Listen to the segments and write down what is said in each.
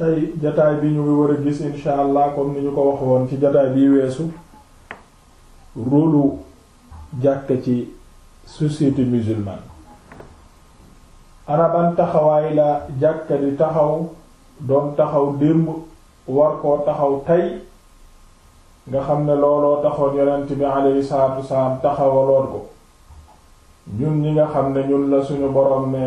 tey jataay bi ñu war a gis insha allah comme ni ñu ko wax woon ci jataay bi weesu rôlu jàkka ci société musulmane ana taxawaay la jàkka di taxaw doom taxaw démb war koo taxaw tey nga xam ne looloo taxoon yonent bi alayhi salaatu wasalaam taxawaloon ko ñun ñi nga xam ne ñun la suñu boroom ne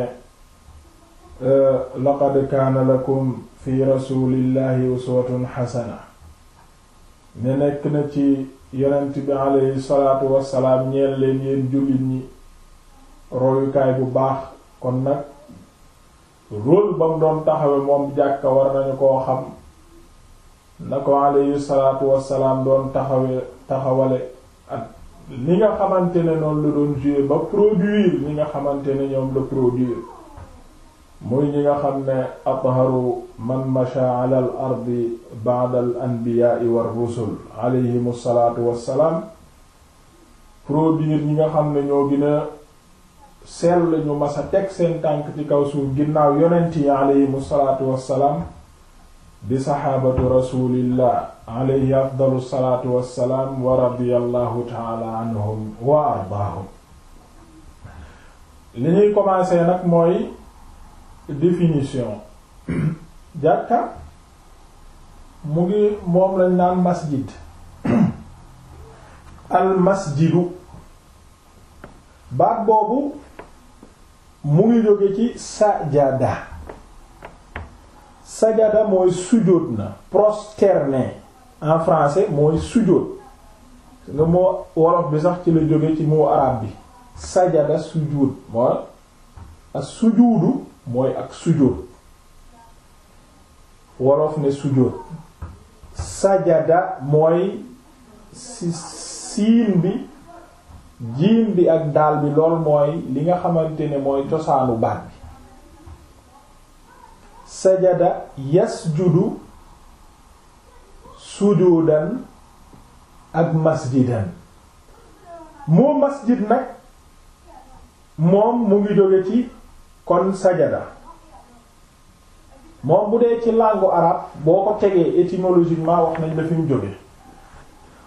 laqad kaana lakum fi rasulillahi uswatun xasana ne nekk na ci yonent bi aleyhi salaatu wassalaam ñeel leen yéen jullit ñi royukaay bu baax kon nag rôle ba mu doon taxawe moom jàkka war nañu koo xam na ko aleyhi salaatu wassalaam doon taxawe taxawale ak li nga xamante ne noonu la doon jouer ba produire li nga xamante ne ñoom la produire muy ñi nga xam ne atharu man masha ala al ardi ba'da al anbiya'i war rusul alayhim salaatu wassalaam ñi nga xam ne ñoo gën a sell ñu mas a teg seen tànk ci kaw suuf ginnaaw yonent yi alayhim salaatu wassalaam di saxaabatu rasulillah alayhi afdalu salaatu wassalaam wa wa ardaahum li ñuy commencer nag mooy définition jàkka mu ngi moom lañ naan masjid al masjidu baat boobu mu ngi jóge ci sajada sajada mooy sujjóot na prosterné en français mooy sujjóot nga moo wolof bi sax ci la jóge ci moo arab bi sajada sujjóot mooy as mooy ak sujjóot wolof ne sujjóot sajada mooy si bi jiim bi ak daal bi lool mooy li nga xamante ne mooy cosaanu baat bi sajada yasjudu sujudan ak masjidan moo masjid nag moom mu ngi jóge ci kon sajada moom bu dee ci làngu arabe boo ko tegee étymologiquement wax nañ dafi mu jóge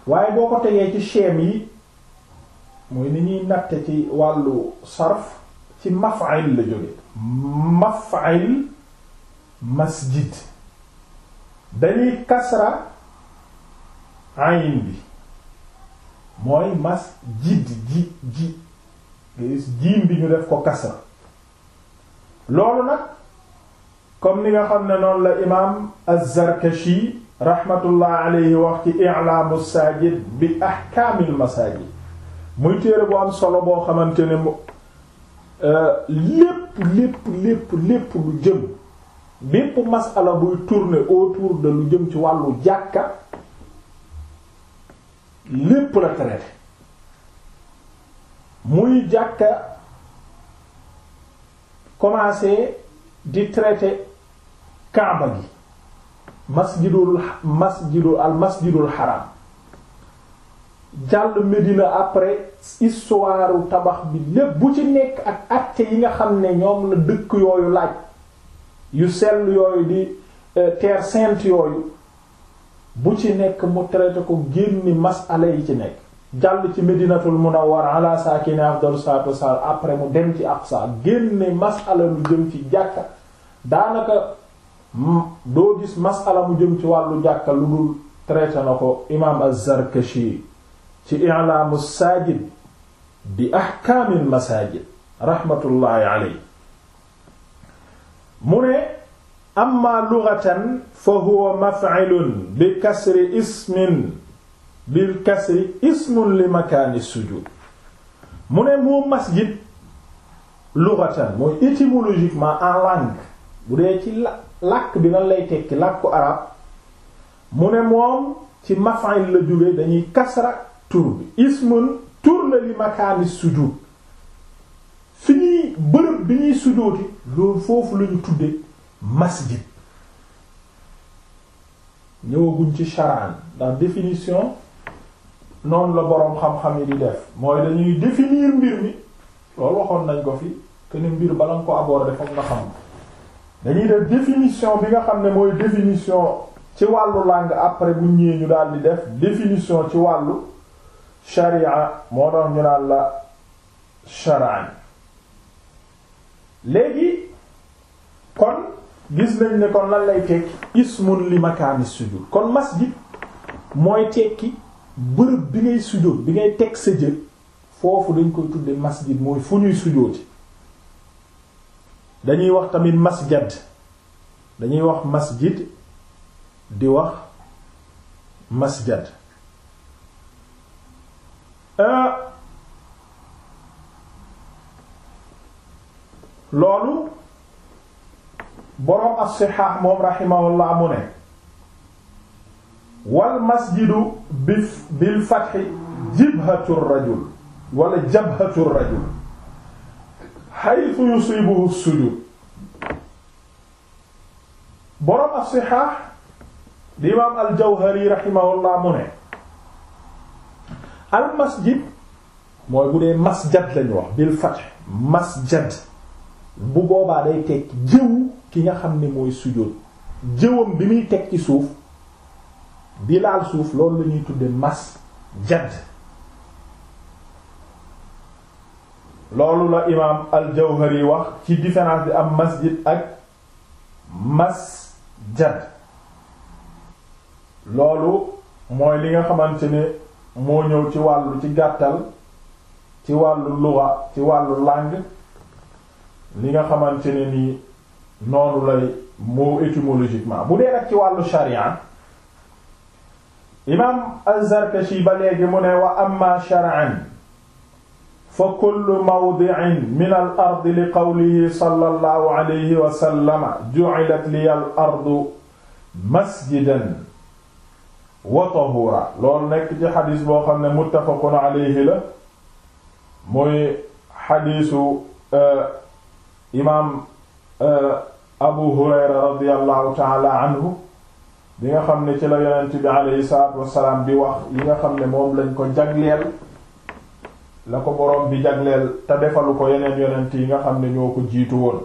waaye boo ko tegee ci schème yi mooy ni ñuy natte ci wàllu sarf ci maf'il la jóge maf'il masjid dañuy kasra ayin bi mooy masjid ji ji jiim bi ñu def ko kasra loolu na comme ni nga xam ne noonu la imaam az-Zarkashi rahmatullah alayhi wax ci i'laamu saajid bi ahkaamil masaajid muy téere bu am solo boo xamante ne mu euh, lépp lépp lépp lu jëm bépp masala buy tourner autour de lu jëm ci wàllu jàkka lépp la traité muy jàkka commencé di traité kaaba gi masjidul masjidul al masjidul haram jàll Medina après histoire tabax bi lépp bu ci nekk ak acte yi nga xam ne ñoom la dëkk yooyu laaj yu sell yooyu di euh, terre sainte yooyu bu ci nekk mu traité ko génni masala yi ci nekk jàll ci medinatul munawwar ala saakini afdalu salaatu wassalaam après mu dem ci aqsa génne masala lu jëm ci jàkka daanaka doo gis masala mu jëm ci wàllu jàkka lu dul traité na ko imaam az-Zarkashi ci i'laamu saajid bi ahkaamil masaajid rahmatullahi alayhi mu ne amma lughatan fa huwa maf'ilun bi kasri ismin bil kasri ismun li makaani sujud mu ne moom masjid lughatan mooy étymologiquement en langue bu dee ci la làkk bi lan lay tekki làkku arab mu ne moom ci maf'il la jóge dañuy kasra tur bi ismun tur la li sujud fi ñuy bërëb bi ñuy sujooti loolu foofu lañu tudde masjid ñëwaguñ ci charan ndax définition noonu la boroom xam-xam yi di def mooy dañuy définir mbir mi loolu waxoon nañ ko fi que ni mbir bala nga ko aborder fokk nga xam dañuy def définition bi nga xam ne mooy définition ci wàllu làng après bu ñëwee ñu daal di def définition ci wàllu sharia moo doon ñu naan la sharaan léegi kon gis nañ ne kon lan lay tekki ismun li makaani sujud kon masjid mooy tekki bërëb bi ngay sujjóot bi ngay teg sa jël foofu dañ koy tudde masjid mooy fu ñuy sujjóoti dañuy wax tamit masjad dañuy wax masjid di wax masjad euh, loolu boroom as-sihah moom rahimahullah mu ne wal masjidu bi bil fathi jibhatu rajul wala jabhatu rajul haythu yusibuhu sujud boroom as-sihah di al-Jawhari rahimahullah mu ne al masjid mooy bu dee masjad lañu wax bil fath masjad bu boobaa day tekk jëw ki nga xam ne mooy sujud jëwam bi muy teg ci suuf di laal suuf loolu lañuy tuddee tudde mas jadd loolu la imaam al-Jawhari wax ci différence bi am masjid ak mas jadd loolu mooy li nga xamante ne moo ñëw ci wàllu ci gàttal ci wàllu luga ci wàllu langue li nga xamante ne nii noonu lay moo étymologiquement bu dee nag ci wàllu sharia imaam az-Zarkashi ba léegi mu ne wa amma shar'an fa kullu mawdi'in min al-ard li qawlihi sallallahu alayhi wa sallama ju'ilat liya al-ardu masjidan wa tahuura loolu nekk ci xadis boo xam ne muttafaqun alayhi la muy xadisu uh, imaam uh, Abu Hurayra radiyallahu ta'ala anhu bi nga xam ne ci la yonent bi alayhi salaatu wassalaam di wax yi nga xam ne moom lañ ko jagleel la ko boroom bi jagleel te defalu ko yeneen yonent yi nga xam ne ñoo ko jiitu woon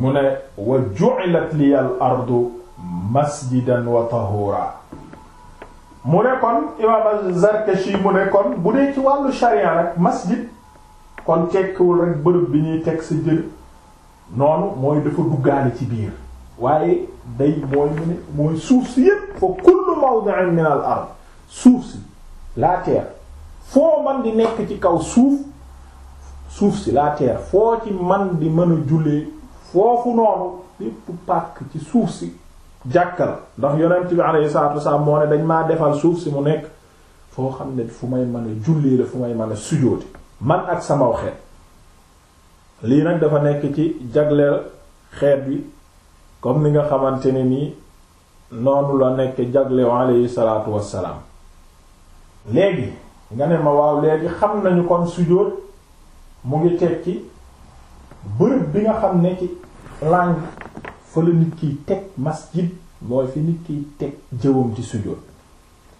mu ne wa ju'ilat liyal ardu masjidan wa tahura mu ne kon imaam az-Zarkashi mu ne kon bu dee ci wàllu sharia rek masjid kon tekkiwul rek bërëb bi ñuy teg sa jël noonu mooy dafa duggaale ci biir waaye day mooy mu ne mooy suuf si yépp fa kullu mawdi'in min al ard suuf si la terre foo man di nekk ci kaw suuf suuf si la terre foo ci man di mën a jullee foofu noonu lépp pàkk ci suuf si jàkkal ndax yonent bi alayhi salaatu wasalaam moo ne dañ maa defal suuf si mu nekk foo xam ne fu may mën a jullee la fu may mën a sujjóoti man ak sama xeet lii nag dafa nekk ci jagleel xeet bi comme ni nga xamante ne nii noonu la nekk jaglew aleyhi salaatu wassalaam léegi nga ne ma waaw léegi xam nañu kon sujjóot mu ngi tekki bërëb bi nga xam ne ci langue fa la nit kiy teg masjid mooy fi nit kiy teg jëwam ci sujjóot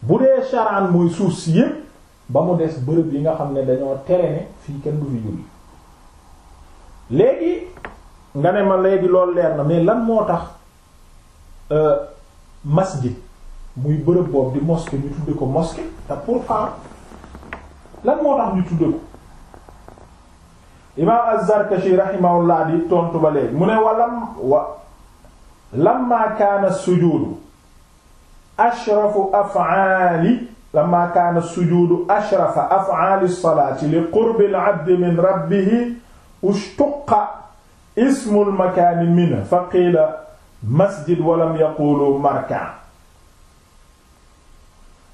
bu dee sharaan mooy suuf si yépp ba mu des bërëb yi nga xam ne dañoo tere ne fii kenn du fi julli léegi nga ne ma léegi loolu leer na mais lan moo tax euh, masjid muy bërëb boobu di mosquée ñu tudde ko mosquée te pourtant lan moo tax ñu tudde ko imaam az-Zarkashi rahimahullah di tontu ba léegi mu ne walam wa lamma kaana sujuudu ashrafu af'aali lamma kaana sujuudu ashrafa af'aali as-salaati li qurbi al-'abdi min rabbihi ushtuqqa ismul makaani mina fa qiila masjid walam yaqulu markan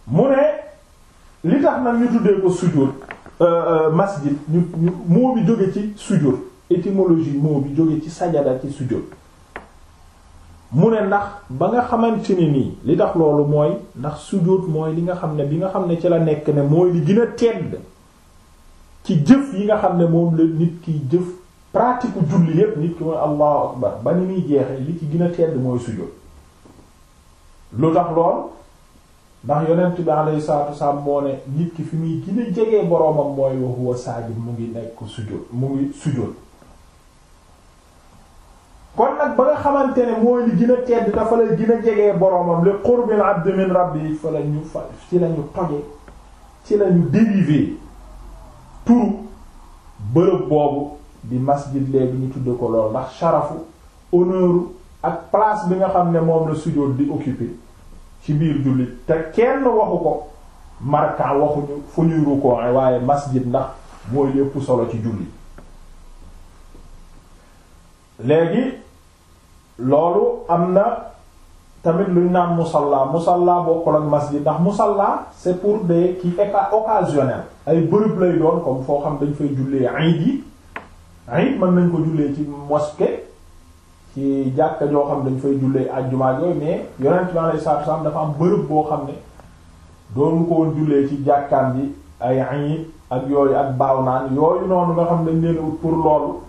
mu ne li tax nag ñu tuddee ko sujur euh, euh, masjid ñu ñu moo bi jóge ci sujur étymologie moo bi jóge ci sajada ci sujur mu ne ndax ba nga xamante ni nii li tax loolu mooy ndax sujud mooy li nga xam ne bi nga xam ne ci la nekk ne mooy li gën tedd ci jëf yi nga xam ne moom la nit kiy jëf pratique julli yépp nit ki mooy allahu akbar ba ni muy jeexe li ci gën a tedd mooy sujjóot lu tax lool ndax yonent bi alayhi salatu wassalam moo ne nit ki fi muy gën a jege boroomam mooy wa huwa saajid mu ngi nekk sujjóot mu ngi sujjóot kon nag ba nga xamante ne mooy li gën a tedd dafa la gën a jege boroomam li qurbil abdi min rabbi fa la ñu fa ci la toje ci la dérivé turu bërëb boobu di masjid léegi ñu tudd ko lool ndax sharafu honneur ak place bi nga xam ne moom la sujjóot di occuper ci biir jullit te kenn waxu ko markan waxuñu fu ñuy rukkoo waaye masjid ndax mooy lépp solo ci julli léegi loolu am na tamit luñ naan musalla musalla bokkul ak masjid ndax musalla c'est pour des qui est occasionnel ay bërëb lay doon comme foo xam dañ fay jullee iid yi ay mën nañ ko jullee ci moske ci jàkka joo xam ne dañ fay jullee àjjuma yooyu mais yonent bi alayhi salaatu salaam dafa am bërëb boo xam ne doonu ko woon jullee ci jàkkaan bi ay ayib ak yooyu ak baaw naan yooyu noonu nga xam ne dañ leen pour loolu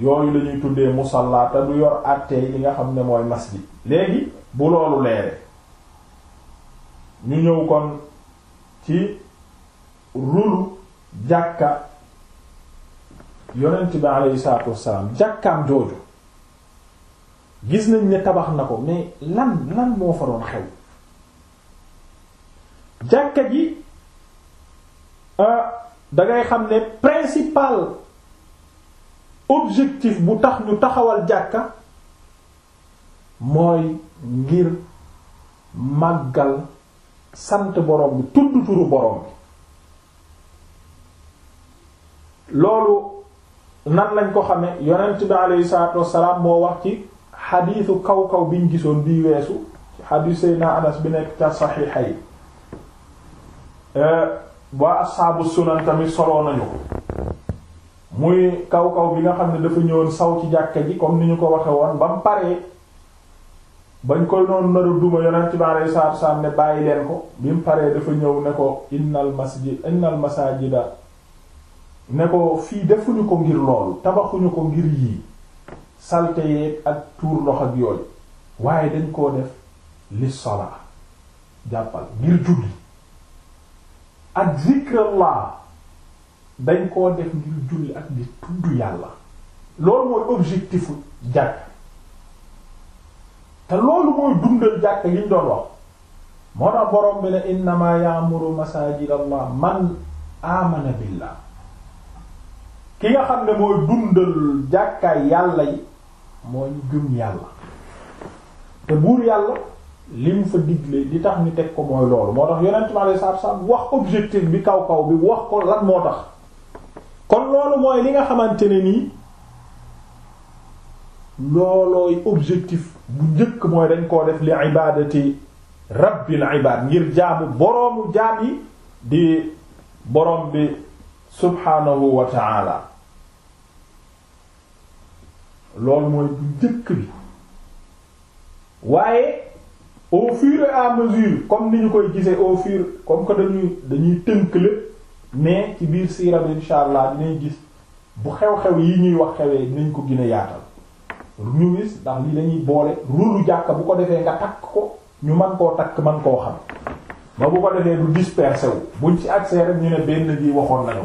yooyu lañuy ñuy tuddee musalla te du yor àttee li nga xam ne mooy masjid léegi bu loolu leere ñu ñëw kon ci rulu jàkka yonent bi aleyhi salaatu wassalaam jàkkaam jooju gis nañ ni tabax na ko mais lan lan moo fa doon xew jàkka ji euh, dangay xam ne principal objectif bu tax ñu taxawal jàkka mooy ngir màggal sant borom bi tudd turu borom bi loolu nan lañ ko xamee yonent bi aleyhi salaatu wassalaam moo wax ci xadiisu kaw kaw biñ gisoon bii weesu ci xadiis Seydina Anas bi nekk ca saxiixa yi euh, waa saabu sunan tamit soloo nañu ko muy kaw kaw bi nga xam ne dafa ñëwoon saw ci jàkka ji comme ni ñu ko waxe woon ba mu paree bañ koy noonu naru duma yonent bi aleyhi salaatu wassalaam ne bàyyi leen ko bi mu paree dafa ñëw ne ko innal masjid innal masajida ne ko fii defuñu ko ngir loolu tabaxuñu ko ngir yii salte yeeg ak tuur loxo ak yooyu waaye dañ koo def li sola jàppal ngir julli ak zikrallah dañ koo def ngir julli ak di tudd yàlla loolu mooy objectifu jàkk te loolu mooy dundal jàkk liñ doon wax moo tax borom bi ne innama ya'muru masajidallah man amana billah ki nga xam ne mooy dundal jàkkaay yàlla yi mooy ñu gëm yàlla te buur yàlla li mu fa digle li tax ñu teg ko mooy loolu moo tax yonent ma lay saab wax objectif bi kaw kaw bi wax ko lan moo tax kon loolu mooy li nga xamante ne nii loolooy objectif bu njëkk mooy dañ koo def li ibaadati rabbil ibaad ngir jaamu boroomu jaam yi di boroom bi subhaanahu wa lool mooy bu njëkk bi waaye au fur et mesure comme ni ñu koy gisee au fur comme ko dañuy dañuy tënk lépp mais ci biir siira bi insha allah dinañ gis bu xew-xew yi ñuy wax xewee dinañ ko gën a yaatal ñu gis ndax li dañuy boole rulu jàkka bu ko defee nga takk ko ñu man koo takk man koo xam ba bu ko defee du dispersé wu buñ ci accès rek ñu ne benn bi waxoon nañu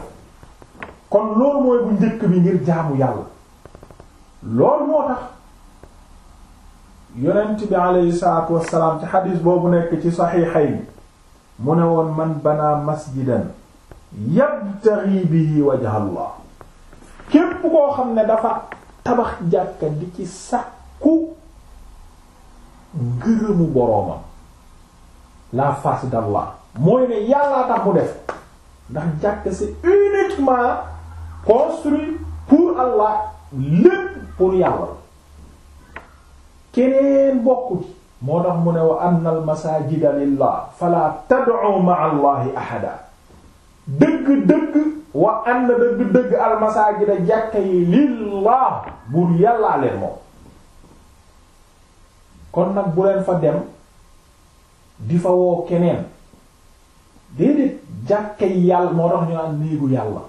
kon loolu mooy bu njëkk bi ngir jaamu yàlla loolu moo tax yonent bi alayhi salaatu wassalaam ci xadiis boobu nekk ci saxiixay bi mu ne woon man banaa masjidan yabtaghi bihi wajha Allah képp koo xam ne dafa tabax jàkka di ci sàkku ngërëmu boroomam la face d'Allah mooy ne yàllaa tax mu def ndax jàkk c'est uniquement construit pour Allah lépp pour yàlla keneen bokku ci moo tax mu ne wa anna al masajida lillah fala tad'u ma'a allahi ahada dëgg-dëgg wa anna dëgg-dëgg al jàkka yi lillah buur yàllaa leen moom kon nag bu leen fa dem di fa woo keneen déedéet jàkka yi yàlla moo tax ñu naan néegu yàlla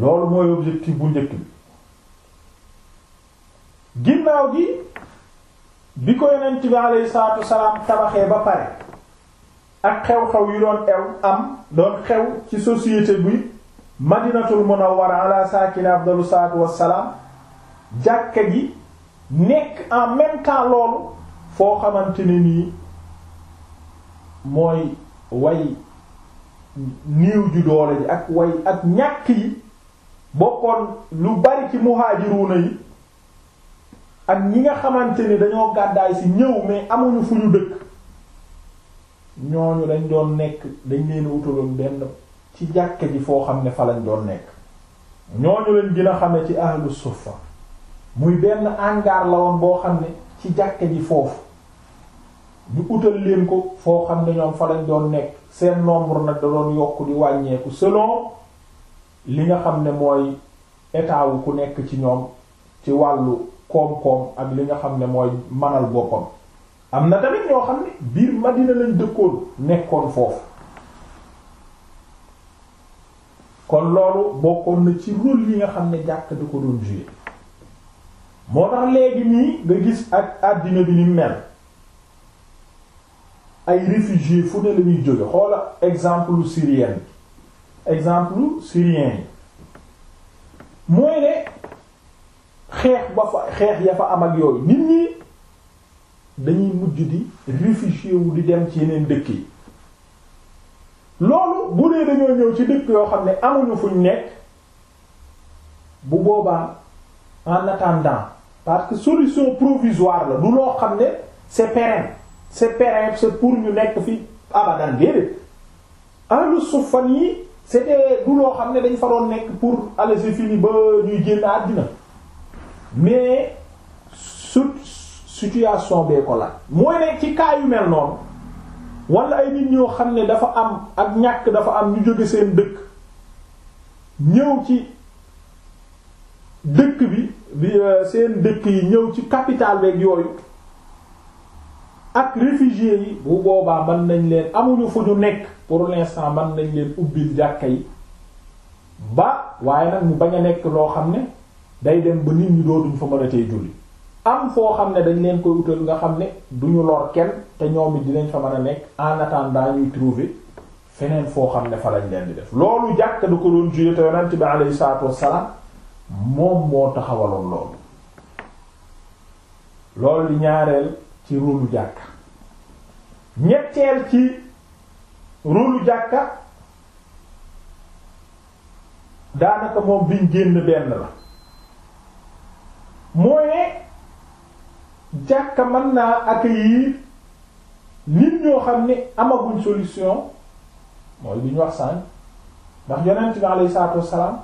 loolu mooy objectif bu njëkk bi ginnaaw gi bi ko yonent bi alayhi salaatu wasalaam tabaxee ba pare ak xew-xew yu doon ew am doon xew ci société bi madinatul war ala saakina afdalu salaatu wasalaam jàkka ji nekk en même temps loolu foo xamante ne nii mooy way néew ju doole ji ak way ak ñàkk yi bokkoon lu bari ci muhaajiruuna yi ak ñi nga xamante ni dañoo gàddaay si ñëw mais amuñu fu ñu dëkk ñooñu dañ doon nekk dañ leen wutaloon benn ci jàkka ji foo xam ne fa doon nekk ñooñu leen gën a xame ci ahlu suffa muy benn hangar boo xam ne ci jàkka ji foofu ñu utal leen ko foo xam ne ñoom fa lañ doon nekk seen nombre nag da doon yokk di wàññeeku selon li nga xam ne mooy état ku nekk ci ñoom ci wàllu koom-koom ak li nga xam ne mooy manal boppam am na tamit ñoo xam ne biir Madina lañ dëkkoon nekkoon foofu kon loolu bokkoon na ci rôle yi nga xam ne jàkk di ko doon jouer moo tax léegi nii nga gis ak àddina bi ni mel ay réfugiés fu ne la ñuy jóge xoola exemple syrien bi exemple syrien yi mooy ne xeex ba fa xeex ya fa am ak yooyu nit ñi dañuy mujj di réfugié wu di dem ci yeneen dëkk loolu bu dee dañoo ñëw ci dëkk yoo xam ne amuñu fuñ nekk bu boobaa en attendant parce que solution provisoire la du loo xam ne c'est pérenne c'est pérenne c'est pour ñu nekk fi abadan déedéet ahlu sufan yi c'était du loo xam ne dañ fa doon nekk pour aller se fini ba ñuy génn àdduna mais su situation bee ko la mooy ne ci cas mel noonu wala ay nit ñoo xam ne dafa am ak ñàkk dafa am ñu jóge seen dëkk ñëw ci dëkk bi bi euh, seen dëkk yi ñëw ci capital beeg yooyu ak réfugié yi bu boobaa man nañ leen amuñu fu ñu nekk pour l'instant man nañ leen ubbil jàkka yi ba waaye nag mu bañ a nekk loo xam ne day dem ba nit ñi dootuñ fa mën a tey julli am foo xam ne dañ leen koy utal nga xam ne duñu lor kenn te ñoom it dinañ fa mën a nekk en attendant ñuy trouver feneen foo xam ne fa lañ leen di def loolu jàkka du ko doon juyee te yonent bi alayhi salaatu wassalaam moom moo taxawaloon loolu loolu di ñaareel ci rôlu jàkka ñetteel ci rulu jàkka daanaka moom biñ génn benn la mooy ne jàkka mën naa accueillir nit ñoo xam ne amaguñ solution mooy bi ñu ndax yonent bi alayhi salaatu wassalaam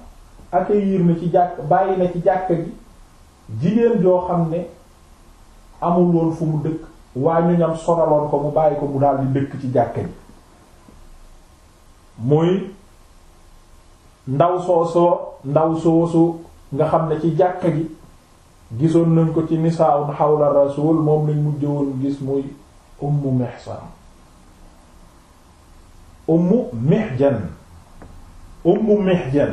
accueillir na ci jàkk bàyyi na ci jàkka bi jigéen joo xam ne amul woon fu mu dëkk waa ñu ñam sonaloon ko mu bàyyi ko mu daal di dëkk ci jàkka ji muy ndaw soosoo ndaw soosu nga xam ne ci jàkka ji gisoon nañ ko ci nisaawun xawla rasul moom lañ mujj woon gis muy ummu mihsan ummu mihjan ummu mihjan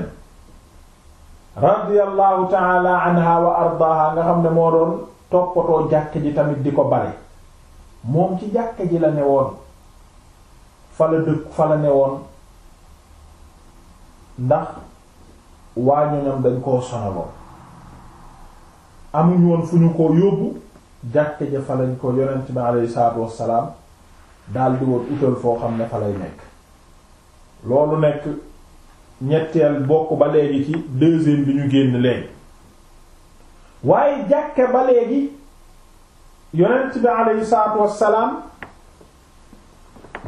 radiyallahu taala anha wa ardaha nga xam ne moo doon toppatoo jàkk ji tamit di ko bale moom ci jàkka ji la newoon fa la dëkk fa la newoon ndax waa ñoñam dañ koo sonaloon amuñ woon fu ñu ko yóbbu jàkka ja fa lañ ko yonent bi alayhi salaatu wassalaam daldi woon utal foo xam ne fa lay nekk loolu nekk ñetteel bokk ba léegi ci deuxième bi ñu génn léegi waaye jàkke ba léegi yonent bi aleyhi salaatu wassalaam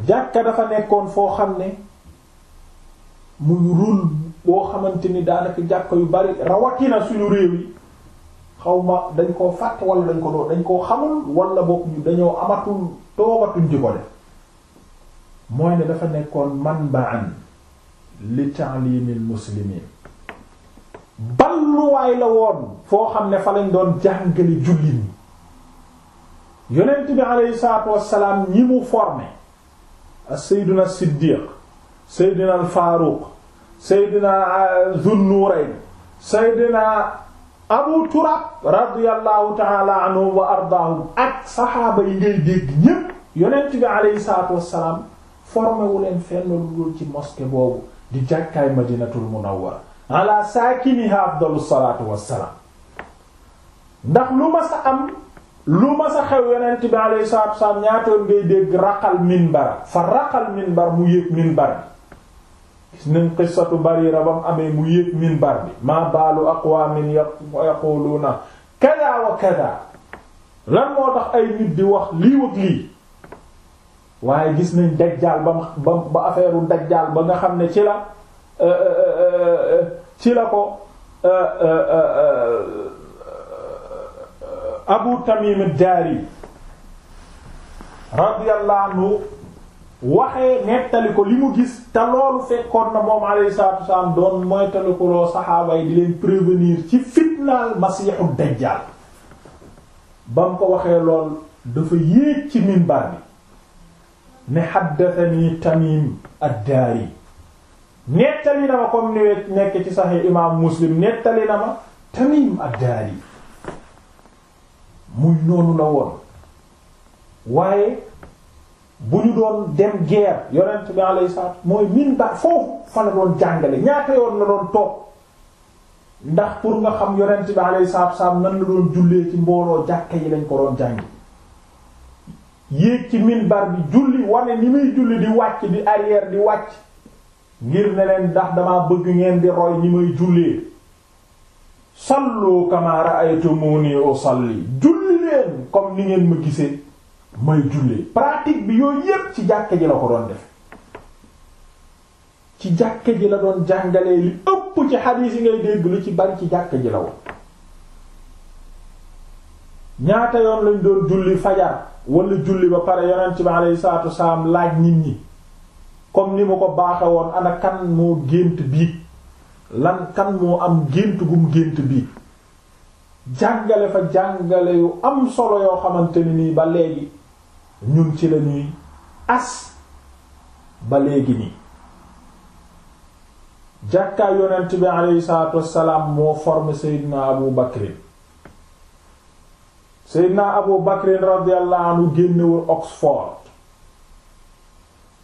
jàkka dafa nekkoon foo xam ne muy rul boo xamante ni daanaka jàkka yu bari rawatina suñu réew yi xawma dañ koo fàtte wala dañ ko doon dañ koo xamul wala bokk dañoo amatul toogatuñ ci ko def mooy ne dafa nekkoon manba'an li ta'limil muslimin balluwaay la woon foo xam ne fa lañ doon jàngale jullit ñi yonent bi aleyhi salaatu wassalaam ñi mu formé ak seydina siddiq seydina al faaruq seydina euh, zunnuurayn seydina abu turab radiyallahu taala anhu wa ardaahum ak saxaaba yi ngay dégg ñépp yonent bi aleyhi salaatu wassalaam formé wu leen fenn lu dul ci mosquée boobu di jàkkaay madinatul munawwara ala saakiniha afdalu salaatu wassalaam ndax lu ma sa am lu ma sa xew yonent bi alayhi salaatu wa ñaatoon ngay dégg raqal minbar fa raqal minbar mu yéeg minbar bi gis nañ qissatu Barira ba mu amee mu yéeg minbar bi maa baalu aqwaamin yaquluuna kadaa wa kadaa lan moo tax ay nit di wax lii wëg lii waaye gis nañ dajjaal ba ba ba affaire dajjaal ba nga xam ne ci la euh, euh, euh, ci la ko abu tamim ad-dari radiyallahu nettali ko li mu gis te loolu fekkoon na moom alayhi salaatu wasalaam doon moytali ko saxaaba yi di leen prévenir ci fitnaal masiixu dajjaal ba mu ko waxee lool dafa yéeg ci minbar bi ne xaddatani tamim ad nettali na ma comme ni nekk ci saxi imaam muslim nettali na ma tamim ad muy noonu la woon waaye bu ñu doon dem guerre yonent bi alayhi salaam mooy min ba foofu fa doon jàngale ñaata yoon la doon toog ndax pour nga xam yonent bi alayhi salaam nan la doon jullee ci mbooloo jàkka yi lañ ko doon jàngi yéeg ci minbar bi julli wane ni muy julli di wàcc di arrière di wàcc ngir ne ndax damaa bëgg ngeen di roy ni may jullee sallu kama ra'aytumuni usalli julli comme ni ngeen ma gisee may jullee pratique bi yooyu yépp ci jàkke ji la ko doon def ci jàkke ji la doon jàngalee li ëpp ci xadiis yi ngay dégg lu ci bari ci jàkke ji la woon ñaata yoon lañ doon julli fajar wala julli ba pare yonent bi alayhi salaatu wasalaam laaj nit ñi comme ni mu ko baaxe woon ana kan moo gént biig lan kan moo am gént gum gént biig jàngale fa jàngale yu am solo yoo xamante ni nii ba léegi ñun ci lañuy as ba léegi nii jàkkaay yonent bi aleyhi salaatu wassalaam moo formé Seydina Abu Bakrin Seydina Abu Bakrin radiyallahu anhu génnewul Oxford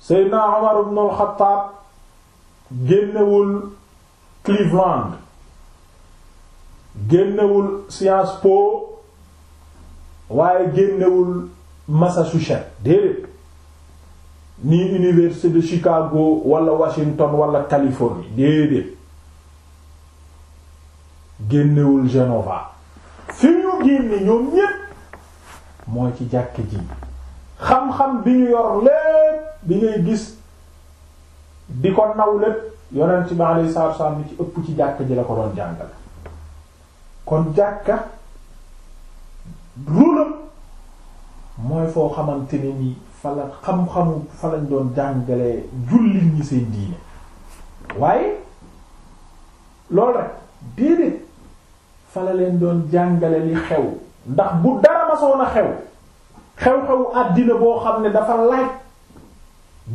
Seydina Umar ibn al-Khattab génnewul Cleveland génnewul Sciences Po waaye génnewul Massachusetts déedéet ni université de Chicago wala Washington wala Californie déedéet génnewul Genova fi ñu génne ñoom ñépp mooy ci jàkk ji xam-xam bi ñu yor lépp bi ngay gis di ko naw lépp yonent bi alayhi salaatu wa salaam bi ci ëpp ci jàkk ji la ko doon jàngal kon jàkka rulam mooy foo xamante ne nii fala la xam-xamu fa lañ doon jàngalee jullit ñi seen diine waaye loolu rek déedéet fa leen doon jàngale li xew ndax bu dara a xew xew-xewu àddina boo xam ne dafa laaj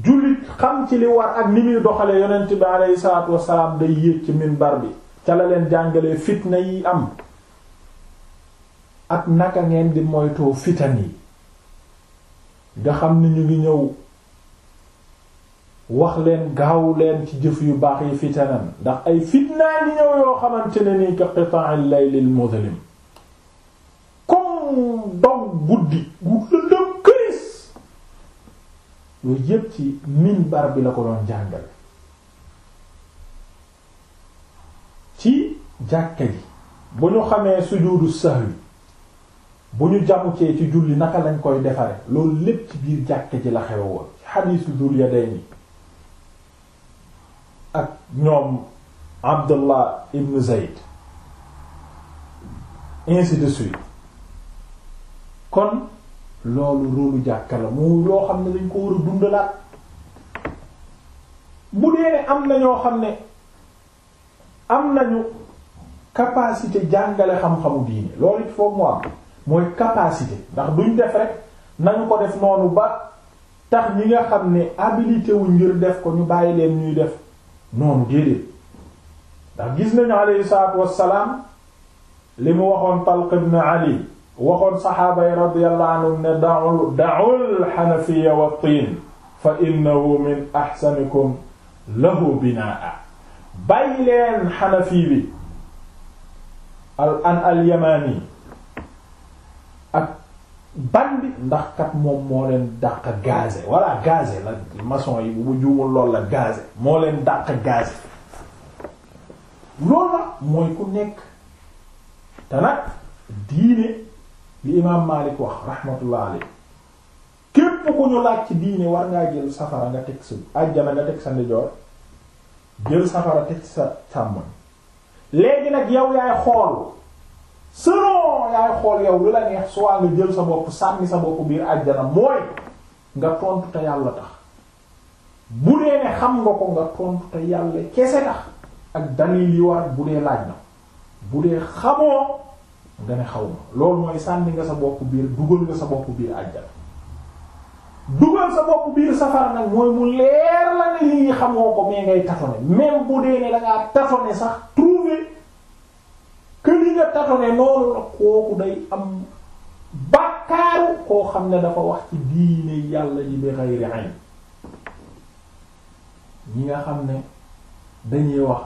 jullit xam ci li war ak ni muy doxale yonent bi aleyhi salaatu wasalaam day yéeg ci bar bi ca la leen jàngale fitna yi am ak naka ngeen di moytoo fitan yi nga xam ni ñu ngi ñëw wax leen gaaw leen ci jëf yu baax yi fitanan ndax ay fitnaa ngi ñëw yoo xamante ne nii ka qita'il laylil muzlim comme dog guddi gu lëndëm këris yooyu yépp ci minbar bi la ko doon jàngale jàkka ji bu ñu xamee sujudu sahwi bu ñu jamucee ci julli naka lañ koy defare loolu lépp ci biir jàkka ji la xew woon ci xadiisu Dul Yadayni ak ñoom Abdullah ibn Zayd ainsi de suite kon loolu róolu jàkka la mu loo xam ne dañ ko war a dundalaat bu dee ne am na ñoo xam ne am nañu capacité jàngale xam-xamu diine loolu foog mu am mooy capacité ndax duñ def rek nañu ko def noonu ba tax ñi nga xam ni habilité wu ngir def ko ñu bàyyi leen ñuy def noonu déedéet ndax gis nañu alayhi salaatu li mu waxoon Talq ibn Ali waxoon saxaaba yi radiyallahu anhum ne da'u da'ul wa tiin fa innahu bi al an al yamaani ak bandi ndax kat moom moo leen dàq gaase walla gazé la maçon yi bu juumul lool la gazé moo leen dàq gazé loolu la mooy ku nekk te nag diine li imaam Maalik wax rahmatullah alayhi képp ku ñu laaj ci diine war ngaa jël safara nga teg sa àjjana nga teg sa ndijoor jël safara teg sa càmmoñ léegi nag yow yaay xool selon yaay xool yow lu la neex soit nga jël sa bopp sànni sa bopp biir àjjana mooy nga tontu te yàlla tax bu dee ne xam nga ko nga tontu te yàlla kese tax ak dalil yi war bu dee laaj na bu dee xamoo nga ne xaw ma loolu mooy sànni nga sa bopp biir dugal nga sa bopp biir àjjana dugal sa bopp biir safara nag mooy mu leer la ne lii xamoo ko mais ngay tâtonner même bu dee ne dangaa tâtonner sax que li nga tatone noonu la kooku day am bakkaaru koo xam ne dafa wax ci diine yàlla yi bi xayri ayn ñi nga xam ne dañuy wax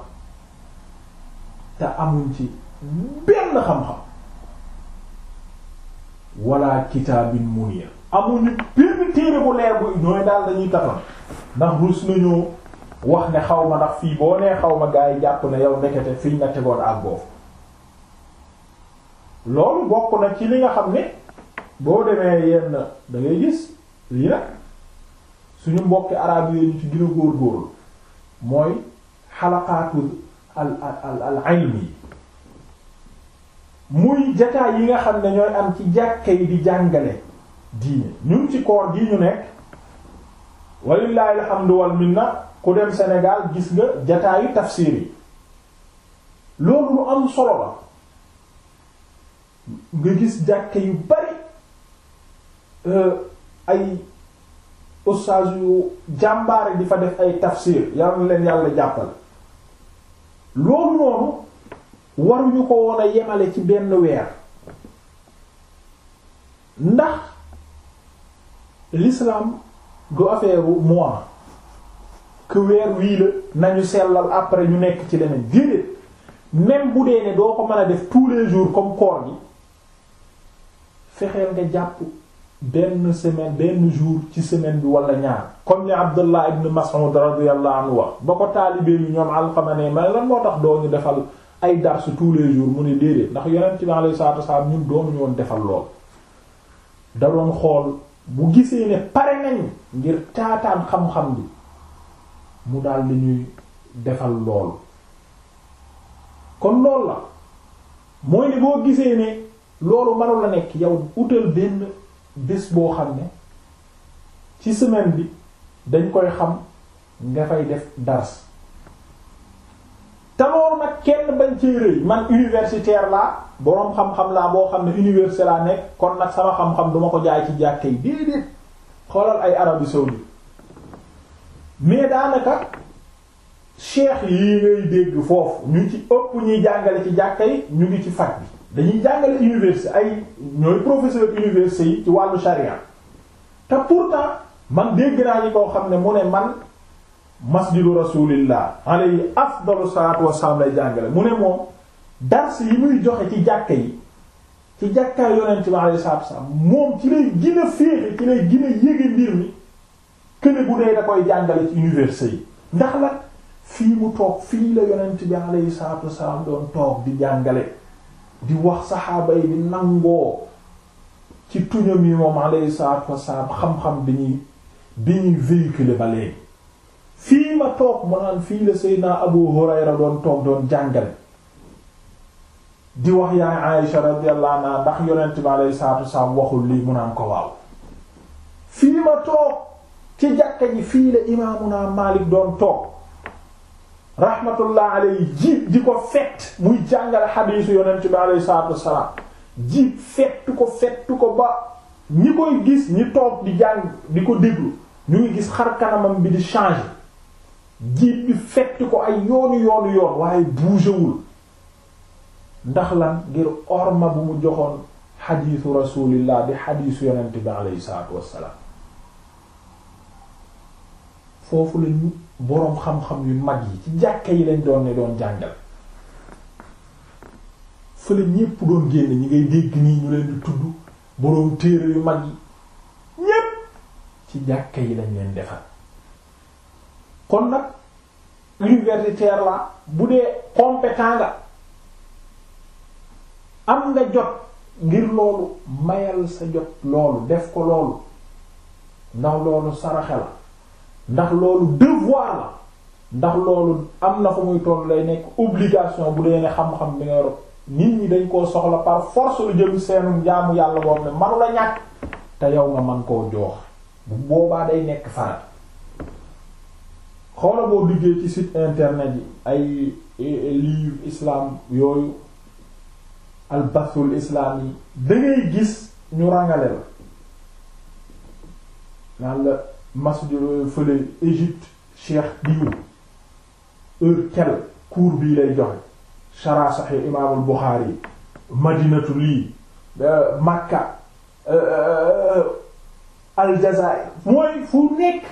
te amuñ ci benn xam-xam wala kitaabin munir amuñu benn téere bu leer bu ñooy daal dañuy taton ndax rus nañoo wax ne xaw ma ndax fii boo nee xaw ma gaa yi jàpp ne yow nekkete fiñ la tegoon ak boofu loolu bokk na ci li nga xam ne boo demee yenn da ngay gis lii nag suñu mbokki araab yi ñu ci gën a góorgóorlu mooy xalaqaatul al al al ilmi yi nga xam ne ci jàkke yi di jàngale diine ci koor gi ñu nekk walillahi alhamdu wal minna ku dem senegaal gis nga jataayu tafsir yi loolu lu am solo la nga gis jàkke yu bari euh, ay ustaas yu jàmbaare di fa def ay tafsir yàlla leen yàlla jàppale loolu noonu waruñu ko woon a yemale ci benn weer ndax l'islam du affaire mois que weer wii la nañu sellal après ñu nekk ci leneen déedéet même bu dee ne doo ko mën a def tous les jours comme koor fexeel nga jàpp benn semaine benn jour ci semaine bi wala ñaar comme ni Abdullah ibn Mas'ud radiyallahu anhu wax ba ko taalibee yu ñoom alxama ne ma lan moo tax doo ñu defal ay darsu tous les jours mu ne déedéet ndax yonent bi alayhi salaatu wasalaam ñun doom woon defal lool da doon xool bu gisee ne pare nañ ngir taataan xam-xam bi mu daal di ñuy defal lool kon lool la mooy ne boo gisee ne loolu mënu la nekk yow utal benn bés boo xam ne ci semaine bi dañ koy xam nga fay def dars tamoor nag kenn bañ ci rëy man universitaire laa boroom xam-xam laa boo xam ne université laa nekk kon nag sama xam-xam duma ko jaay ci jàkke yi déedéet xoolal ay Arabie saoudite mais daanaka cheikh yi ngay dégg foofu ñu ci ëpp ñuy jàngale ci jàkke yi ñu ngi ci faj bi dañuy jàngale université ay ñooy professeur université yi ci wàllu charia te pourtant man dégg naa ñi koo xam ne mu ne man masjidu rasulillah alayhi afdalu salatu wasalaam lay jàngale mu ne moom dars yi muy joxe ci jàkka yi ci jàkkaay yonent bi alayhi salatu wasalaam moom ci lay gën a féexe ci lay gën a mbir mi këne bu dee da koy jàngale ci université yi ndax la fii mu toog fii la yonent bi alayhi salatu wasalaam doon toog di jàngale di wax saxaaba yi di nangoo ci tuñam yi moom alayhi salaatu wasalaam xam-xam bi ñuy bi ñuy véhiculer ba léegi fii ma toog mu naan fii la Seydina Abu Hurayra doon toog doon jàngale di wax yaay Aisha radiyallahu anha ndax yonent bi alayhi salaatu wasalaam waxul lii mu naan ko waaw fii ma toog ci jàkka ji fii la imaamuna Maalik doon toog rahmatullah alayhi jiib di ko fet muy jàngale xadiisu yonent bi alayhi salaatu wassalaam jiib fett ko fett ko ba ñi koy gis ñi toog di jàng di ko déglu ñu ngi gis xar kanamam bi di changer jiib bi fett ko ay yoonu yoonu yoon waaye bougéwul ndax la ngir orma bu mu joxoon xadiisu rasulillah di xadiisu yonent bi alayhi salaatu wassalaam foofu lañu boroom xam-xam yu mag yi ci jàkka yi lañ doon ne doon jàngal fële ñépp doon génne ñi ngay dégg nii ñu leen tudd boroom téere yu mag yi ñépp ci jàkka yi lañ leen defar kon nag universitaire la bu dee compétent nga am nga jot ngir loolu mayal sa jot loolu def ko loolu ndaw loolu saraxe la ndax loolu devoir la ndax loolu am na fa muy toll lay nekk obligation bu dee ne xam-xam bi nga yor nit ñi dañ koo soxla par force lu jëm seenum jaamu yàlla boobu ne manu la ñàkk te yow nga man koo joox bu boobaa day nekk farat xoola boo duggee ci site internet yi ay livre islam yooyu albathul islam yi da gis ñu ràngale la masjid fële Égypte cheikh diwu heure kel cours bii lay joxe shara sahih imaamul Buxaari madinatu lii Makka Aljazair mooy fu nekk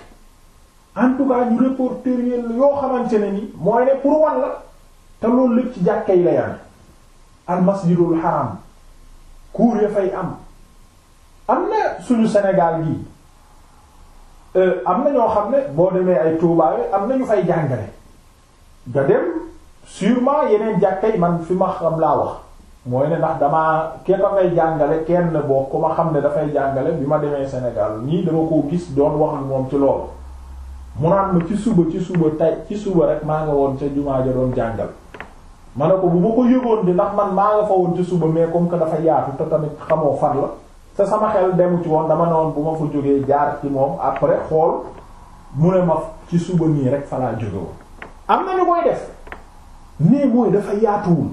en tout cas ñu reporter yoo xamante ne ni mooy ne pour wan te loolu lépp ci jàkka yi lay am al masjidul haram cours ya am am na suñu Sénégal gi Euh, am na ñoo xam ne boo demee ay tuubaawe am na ñu fay jàngale nga dem sûrement yeneen jàkkay man fi ma xam laa wax mooy ne ndax damaa kenn dafay jàngale kenn boo ko ma xam ne dafay jàngale bi ma demee senegal nii dama koo gis doon wax ak moom ci loolu mu naan ma ci suba ci suba tay ci suba rek maa nga woon ca jumaa ja doon jàngal ma ne ko bu ma ko yëgoon di ndax man maa nga fa woon ci suba mais comme que dafa yaatu te tamit xamoo fan la te sama xel demu ci woon dama ne woon bu ma fa jógee jaar ci moom après xool mu ne ma ci suba nii rek fa laa jóge woon am na ñu koy def nii mooy dafa yaatuwul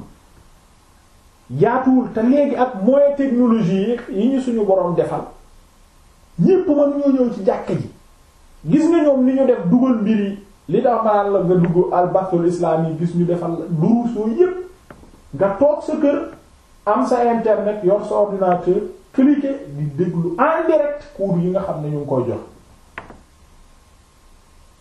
yaatuwul te léegi ak moyen technologie yi ñu suñu borom defal ñépp mën ñoo ñëw ci jàkk ji gis nga ñoom li ñu def dugal mbiri li tax manaan la nga dugg al bahtul islam yi gis ñu defal la duruusoo yépp nga toog sa kër am sa internet yoon sa ordinateur cliquer di déglu en direct cours yi nga xam ne ñu ngi koy jox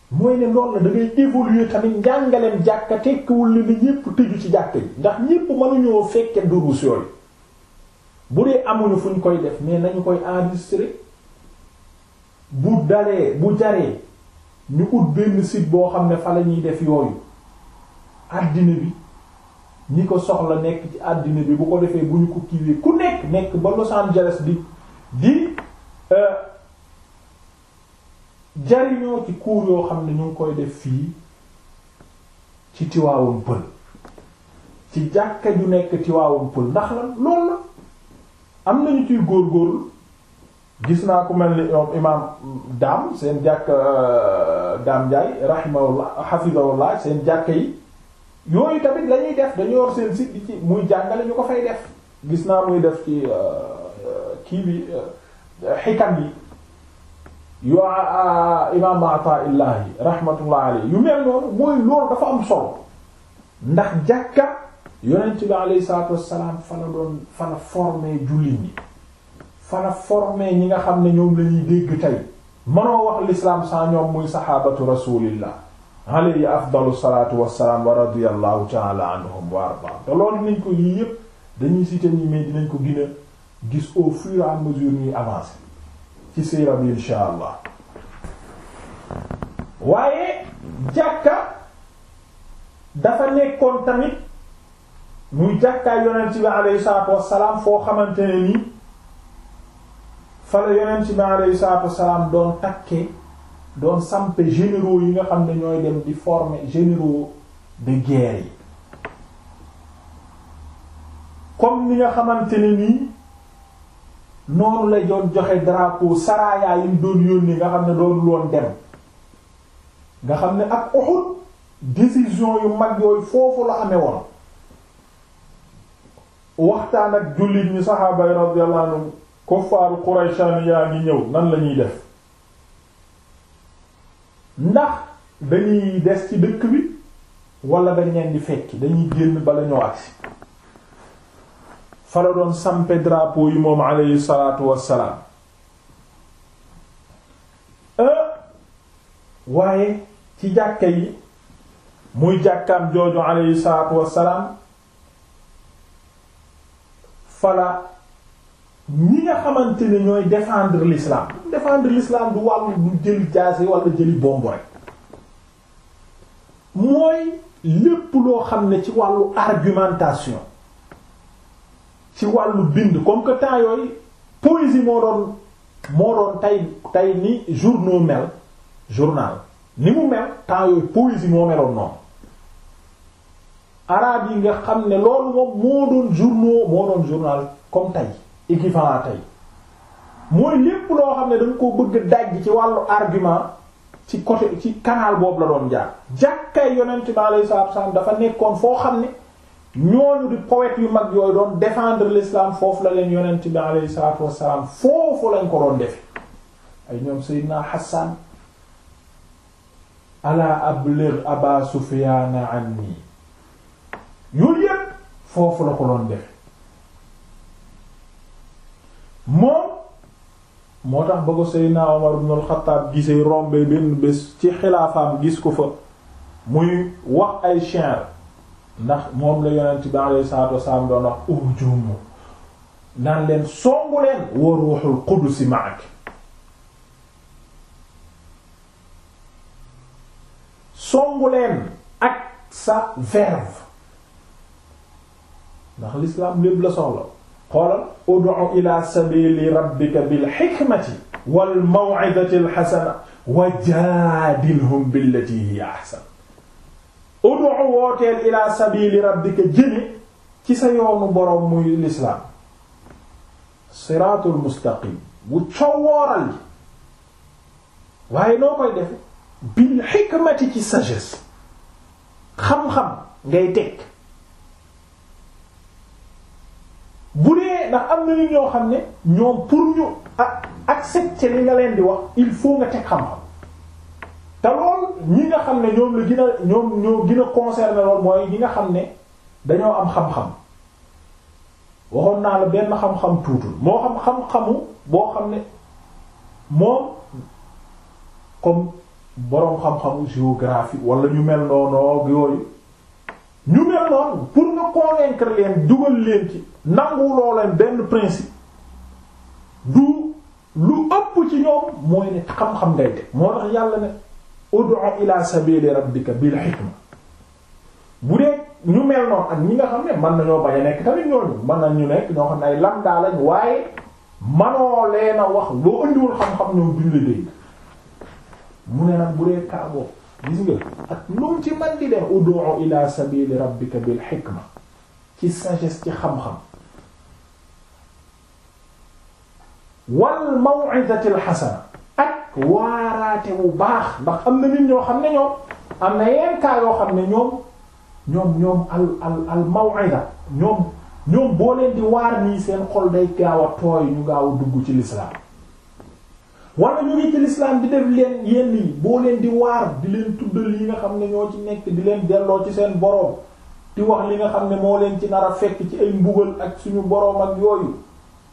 mooy ne loolu la da ngay évoluer tamit njàngaleem jàkka tekkiwul li ni ñépp tëju ci jàkka yi ndax ñépp mënuñoo fekke duruus yooyu bu dee amuñu fu ñu koy def mais nañu koy enregistrer bu dalee bu jaree ñu ut benn site boo xam ne fa la ñuy def yooyu àddina bi ni ko soxla nekk ci àddina bi bu ko defee bu ñu ko kiiwee ku nekk nekk ba Los Angeles bi di euh, jariñoo ci cours yoo xam ne ñu ngi koy def fii ci Tivaouane Peulh ci jàkka ju nekk Tivaouane Peulh ndax la loolu la am nañu ciy góorgóorlu gis naa ku mel ni ñoom imam Dame seen jàkk euh, Dame Ndiaye rahimahullah hafizahullah seen jàkka yi ñooñu tamit la ñuy def dañu yor seen ci muy jàngale ñu ko fay def gis naa muy def ci euh, euh, kii bi xikam euh, yi yu imam ata illahi rahmatullah yu mel noonu mooy loolu dafa am sol ndax jàkka yonent bi alayhi salatu wassalam fa la doon fa la formé jullit ñi fa la formé ñi nga xam ne ñoom lañuy ñuy dégg tey mënoo wax l'islam sans ñoom muy sahabatu rasulillah alayhi afdalu salaatu wassalaam wa radiyallahu ta'ala anhum wa arda te loolu dinañ ko yii yépp dañuy citer ñi mais dinañ ko gën gis au fur et à mesure ñuy avancer ci siira insha allah waaye jàkka dafa nekkoon tamit muy jàkkaay yonent bi alayhi salaatu wassalaam foo xamante ne nii fa la yonent bi alayhi salaatu wassalaam doon takkee doon sampe généraux yi nga xam ne ñooy dem di former généraux de guerre yi comme ni nga xamante ne nii noonu la doon joxe drapeau saraya yi doon yónni nga xam ne doon loon dem nga xam ne ak Uhud décision yu mag yooyu foofu la amee woon waxtaan ak jullit ñi saxaaba yi radiyallahu anhum kuffaaru Quraysh yaa ñëw nan la ñuy def ndax dañuy des ci dëkk bi wala dañ leen di fekki dañuy génn bala ñoo agsi fa la doon sampe drapeau yi moom aleyhi salaatu wassalaam euh, waaye ci jàkka yi muy jàkkaam jooju aleyhi salaatu wassalaam fala ñi nga xamante ne ñooy défendre l'islam défendre l'islam du wàllu du jëli jaase wala jëli bomb rek mooy lépp loo xam ne ci wàllu argumentation ci wàllu bind comme que temps yooyu poésie moo doon moo doon tey tey ni journaux mel journal ni mu mel temps yooyu poésie moo meloon noonu arabe yi nga xam ne loolu moom moo doon journaux moo doon journal comme tey équivalent tey mooy lépp loo xam ne dañ ko bëgg dàgg ci wàllu argument ci côté ci canal boobu la doon jaar jàkkay yonent bi alayhi salaatu wa salaam dafa nekkoon foo xam ne ñooñu di poète yu mag yooyu doon défendre l'islam foofu la leen yonent bi alayhi salaatu lañ ko doon defe ay ñoom Seydina Hassan ala ablir Aba Sufyaan anni yooyu yépp foofu la ko doon defe moom moo tax ba ko Seydina Omar ibn al-Khattab gisee rombee benn bés ci xilaafaam gis ko fa muy wax ay shi'r ndax moom la yonent bi alayhi salaatu wasalaam doon naan leen songu leen wa ruuxul qudusi ma'ak songu leen ak sa verve ndax l'islam lépp la solo xoolal ud'u ila sabili rabbika bil hikmati wal maw'izati al hasana wa jaadilhum billati hiya ahsan ud'u wooteel ila sabili rabbika jëni ci sa yoonu boroom muy lislaam siraatul mustaqim bu cowooral yi waaye noo koy defe bil hikmati ci sagesse xam-xam ngay teg bu dee ndax am na nit ñoo xam ne ñoom pour ñu accepter li nga leen di wax il faut nga teg xam-xam te lool ñi nga xam ne ñoom la gën a ñoom ñoo gën a concerné lool mooy ñi nga xam ne dañoo am xam-xam waxoon naa la benn xam-xam tuutul moo xam xam-xamu boo xam ne moom comme boroom xam-xamu géographie wala ñu mel noonu yooyu ñu mel noonu pour nga convaincre leen dugal leen ci. nangu loo leen benn principe du lu ëpp ci ñoom mooy ne xam-xam ngay de moo tax yàlla ne ud'u ila sabili rabbika bil hikma bu dee ñu mel noonu ak ñi nga xam ne mën nañoo bañ a nekk tamit ñooñu mën nañu nekk ñoo xam ne ay lamda lañ waaye manoo leen a wax loo indiwul xam-xam ñoom duñ la mu ne nag bu dee kaaboo gis nga ak lu ci man di dem ud'u ila sabili rabbika bil hikma ci sagesse ci xam-xam wal maw'izatil hasana ak waaraate bu baax ndax am na nit ñoo xam ne ñoom am na yenn cas yoo xam ne ñoom ñoom ñoom al al al maw'iza ñoom ñoom boo leen di waar nii seen xol day gaaw a tooy ñu gaaw a dugg ci lislaam wala ñu ngi ci lislaam di def leen yenn yi boo leen di waar di leen tuddal yi nga xam ne ñoo ci nekk di leen delloo ci seen boroom di wax li nga xam ne moo leen ci nar a fekk ci ay mbugal ak suñu boroom ak yooyu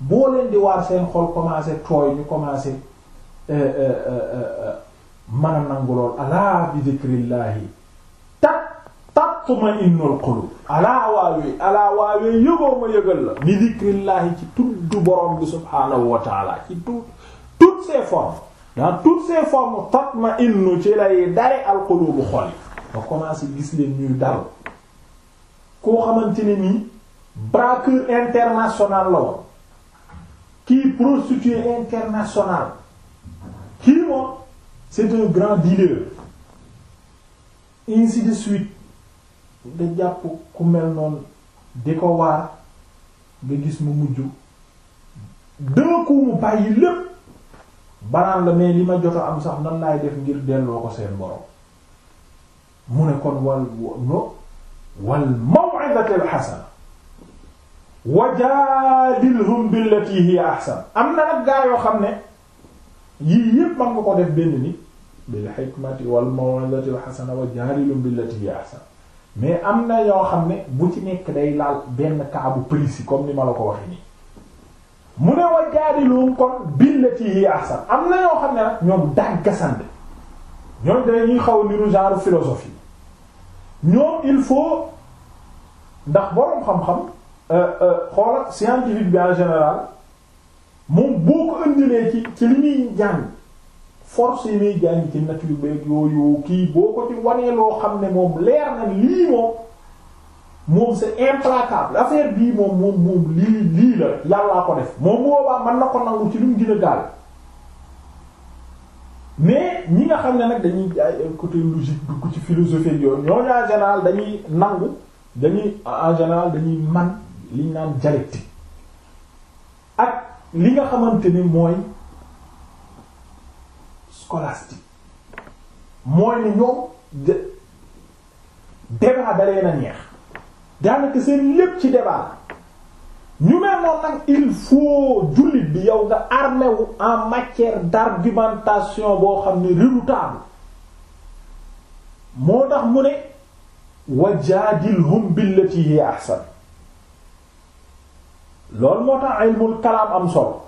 boo leen di waar seen xol commencé tooy ñu commencé euh, euh, euh, mën a nangu lool alaa bi dikrillaahi tat tatma innul qulub alaa waawee alaa waawee yëgoo ma yëgal la bi dikrillaahi ci tudd borom bi subhaanahu wa taala ci tout toutes ses formes dans toutes ses formes tatma innu ci lay dare al qulubu xol yi nga commencé gis leen ñuy dal koo xamante ne nii braqueur international la woon kii prostituée internationale kii moom oh, c'est un grand dealer ainsi de suite jàpp ku mel noonu di ko waar nga gis mu mujj d'un coup mu bàyyi lépp banaan la mais li ma jot am sax nan laay def ngir delloo ko seen borom mu ne kon wal no wal maw'izatul hasana wajaadilhum billati hiya ahsan am na nag gaa yoo xam ne yii yépp man nga ko def benn ni bil hikmati wal maw'izati al hasana wajaadilhum billati hiya ahsan mais am na yoo xam ne bu ci nekk day laal benn kaabu précis comme ni ma la ko waxe nii mu ne wajaadilhum kon billati hiya ahsan am na yoo xam ne nag ñoom dàggasande ñoom ñuy xaw niru genre philosophie ñoom il faut ndax boroom xam-xam Euh, euh, xoola scientifique bi en général moom boo ko indilee ci ci li muy jàng force yi muy jàng ci nature beeg yooyu kii boo ko ci wanee loo xam ne moom leer na lii moom moom c'est implacable affaire bii moom moom moom lii lii la rek yàllaa ko def moom boobaa man na ko nangu ci lu mu gën a mais ñi nga xam ne nag dañuy jaay côté logique dugg ci philosophie yooyu ñooñu en général dañuy nangu dañuy en général dañuy man liñ naan dialectique ak li nga xamante ni mooy scolastique mooy ne ñoom débat dalee na neex daanaka seen lépp ci débat la ñu mel nag il faut jullit bi yow nga armé wu en matière d'argumentation boo xam ne redoutable moo tax mu ne wajaadilhum billati hiya ahsan loolu moo tax ilmul kalaam am solo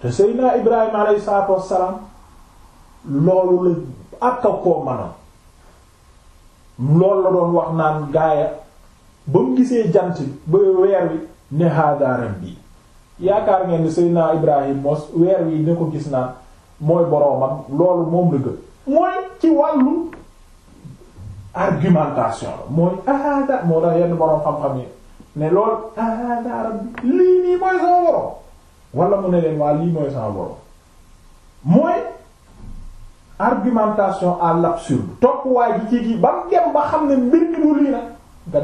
te seydina ibrahima alayhi salaatu wassalaam loolu la ak a koo manam loolu la doon wax naan gaaya ba gisee jant ba weer wi ne hada rabbi yaakaar ngeen ni seydina ibrahim mos weer wi ne ko gis naa mooy boroomam loolu moom la gën mooy ci wàllu argumentation la mooy ahada moo tax yenn boroom xam-xam yi ne lool ah daara lii nii mooy sama borom wala mu ne leen waa lii mooy sama borom mooy argumentation à l'absurde topp waay ji ci gi ba mu dem ba xam ne mbir mi du lii nag nga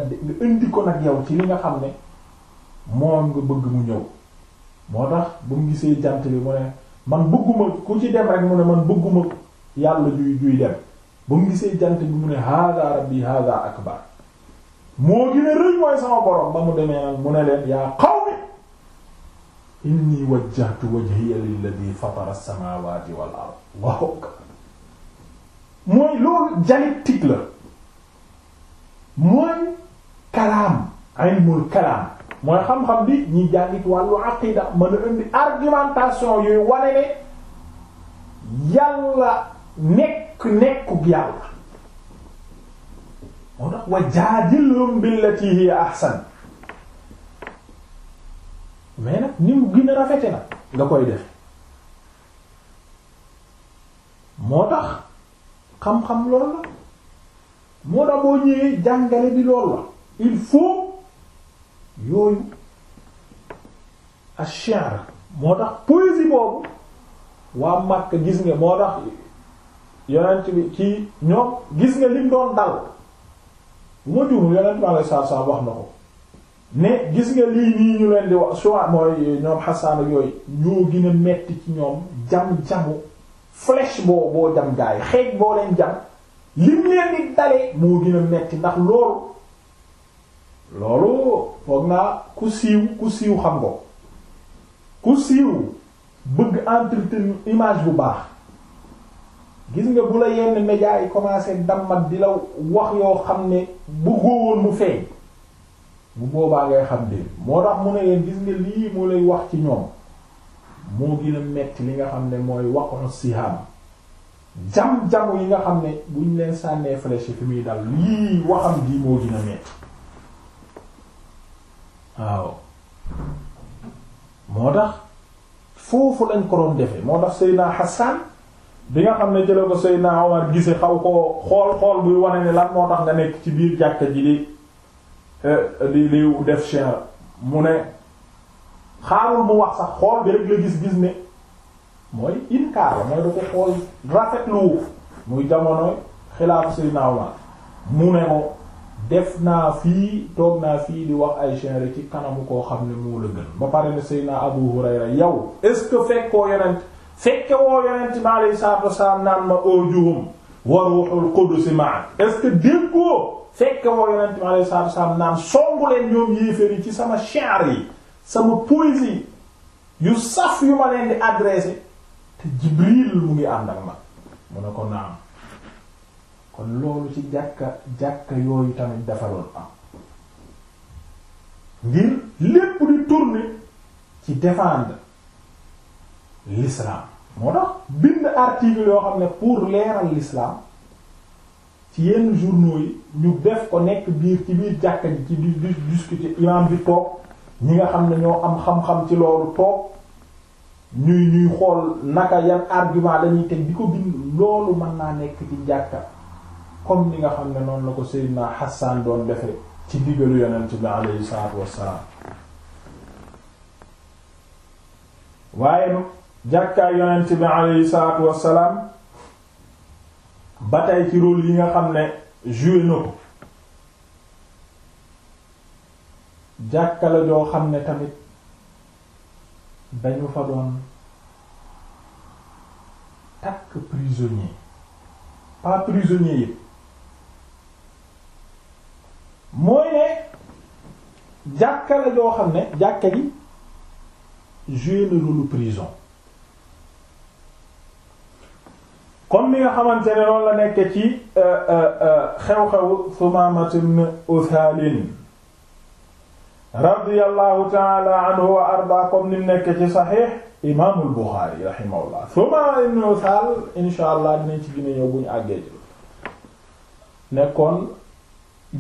indi ko nag yow ci li nga xam ne moom nga bëgg mu ñëw moo tax bu mu gisee jant bi mu ne man bëgguma ku ci dem rek mu ne man bëgguma yàlla juy juy dem bu mu gisee jant bi mu ne hada rabbi hada akbar moo gën a rëy mooy sama borom ba mu demee nag mu ne leen yaa qawmi inni wajjahtu wajhiya lilladhi fatara as-samawati wal ard Allahu akbar mooy loolu dialectique la mooy kalaam ilmul mooy xam-xam bi ñi jàngit wàllu aqida mën a indi argumentation yooyu wane ne yàlla nekk nekkug yàlla moo tax wa jaadilhum billati hiya ahsan mais nag ni mu gën a rafete nag nga koy def moo tax xam-xam loolu la moo tax boo ñëwee jàngale bi loolu la il faut yooyu ash-shi'r moo tax poésie boobu waa Makka gis nga moo tax yonent bi kii ñoom gis nga lim doon dal bu ma juum yeneen wàllu saabsaab wax na ko ne gis nga lii nii ñu leen di wax soit mooy ñoom xasaan ak yooyu ñoo gën a metti ci ñoom jam-jamu flèche boo boo jam gaay xeej boo leen jam lim leen di dalee moo gën a metti ndax loolu loolu foog naa ku siiw ku siiw xam ko ku siiw bëgg entretenir image bu baax. gis nga bu la yenn média yi commencé dammat di la wax yoo xam ne bu góowoon mu feeñ bu boobaa ngay xam de moo tax mu ne leen gis nga lii moo lay wax ci ñoom moo gën metti li nga xam ne mooy waxoon sihaam jam-jamu yi nga xam ne buñ leen sànnee flèche fi muy dal lii waxam gi moo gën a metti waaw moo tax foofu lañ ko doon defe moo tax Seydina Hassan bi nga xam ne jële ko Seydina Omar gise xaw ko xool xool buy wane ne lan moo tax nga nekk ci biir jàkka ji di eh, di di def cher mu ne xaarul mu wax sax xool bi rek la gis-gis ne mooy inkaar la mooy da ko xool rafetlu wu muy jamono xilaaf Seydina Omar mu ne ko def naa fii toog naa fii di wax ay cher ci kanamu koo xam ne moo la gën ba pare ne naa Abu Hurayra yow est-ce que fekkoo yeneen fekke woo yonent mi alayhi salaatu wasalaam naan ma ujuhum wa ruuxul qudus ma'a est-ce que déggoo fekke woo yonent mi alayhi salaatu wasalaam naan songu leen ñoom yéeféer yi ci sama shi'r yi sama poésie yu saf yu ma leen di adressé te Jibril mu ngi ànd ak ma mu ne ko naam kon loolu ci jàkka jàkka yooyu tamit dafa doon am ngir lépp di tourner ci défendre l'islam moo tax bind article yoo xam ne pour leeral l'islam ci yenn journaux yi ñu def ko nekk biir ci biir jàkka ji ci di discuter imam bi toog ñi nga xam ne ñoo am xam-xam ci loolu toog ñuy ñuy xool naka yan argument lañuy te di ko bind loolu mën naa nekk ci jàkka comme ni nga xam ne noonu la ko Seydina Hassan doon defee ci digalu yonent bi alayhi salaatu wassalaam waaye jàkkaay yonent bi aleyhi salaatu wassalaam ba tey ci rôle yi nga xam ne joué na ko jàkka joo xam ne tamit dañu fa doon takk prisonnier pas prisonnier yi mooy ne jàkka joo xam ne jàkka ji joué na prison kon ni nga xamante ne noonu la nekk ci euh, euh, euh, xew-xewu Sumaamatu ibn Uthaalin radiyallahu ta'ala anhu wa arda comme ni nekk ci saxiix imaamul Buxaari rahimahullah Sumaama ibn Uthaal insha allah dinañ ci gën a ñëw bu ñu àggee ci nekkoon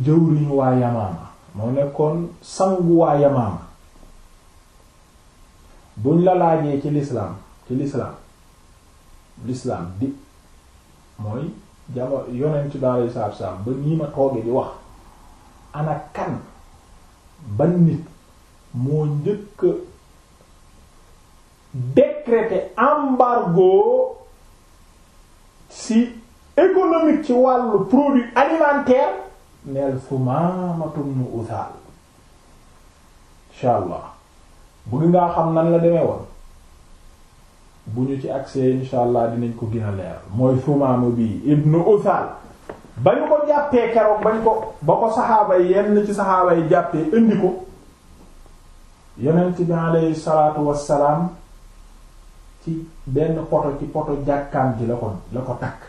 jëwriñu waa Yamaama moo nekkoon sangu waa Yamaama buñ la laajee ci lislaam ci lislaam lislaam mooy jamo yonent bi alayhi salaatu ba nii ma tooge di wax ana kan nit moo njëkk décréter embargo si économique ci wàllu produit alimentaire neel Sumaamatum nu Usaal insha allah bëgg ngaa xam nan la demee woon bu ñu ci agsee insha allah dinañ ko gën leer mooy sumaama bii ibnu usal ba ñu ko jàppee keroog bañ ko ba ko saxaaba yenn ci saxaaba yi jàppee indi ko yonent bi alayhi salaatu wassalaam ci benn poto ci poto jàkkaan ji la ko la ko takk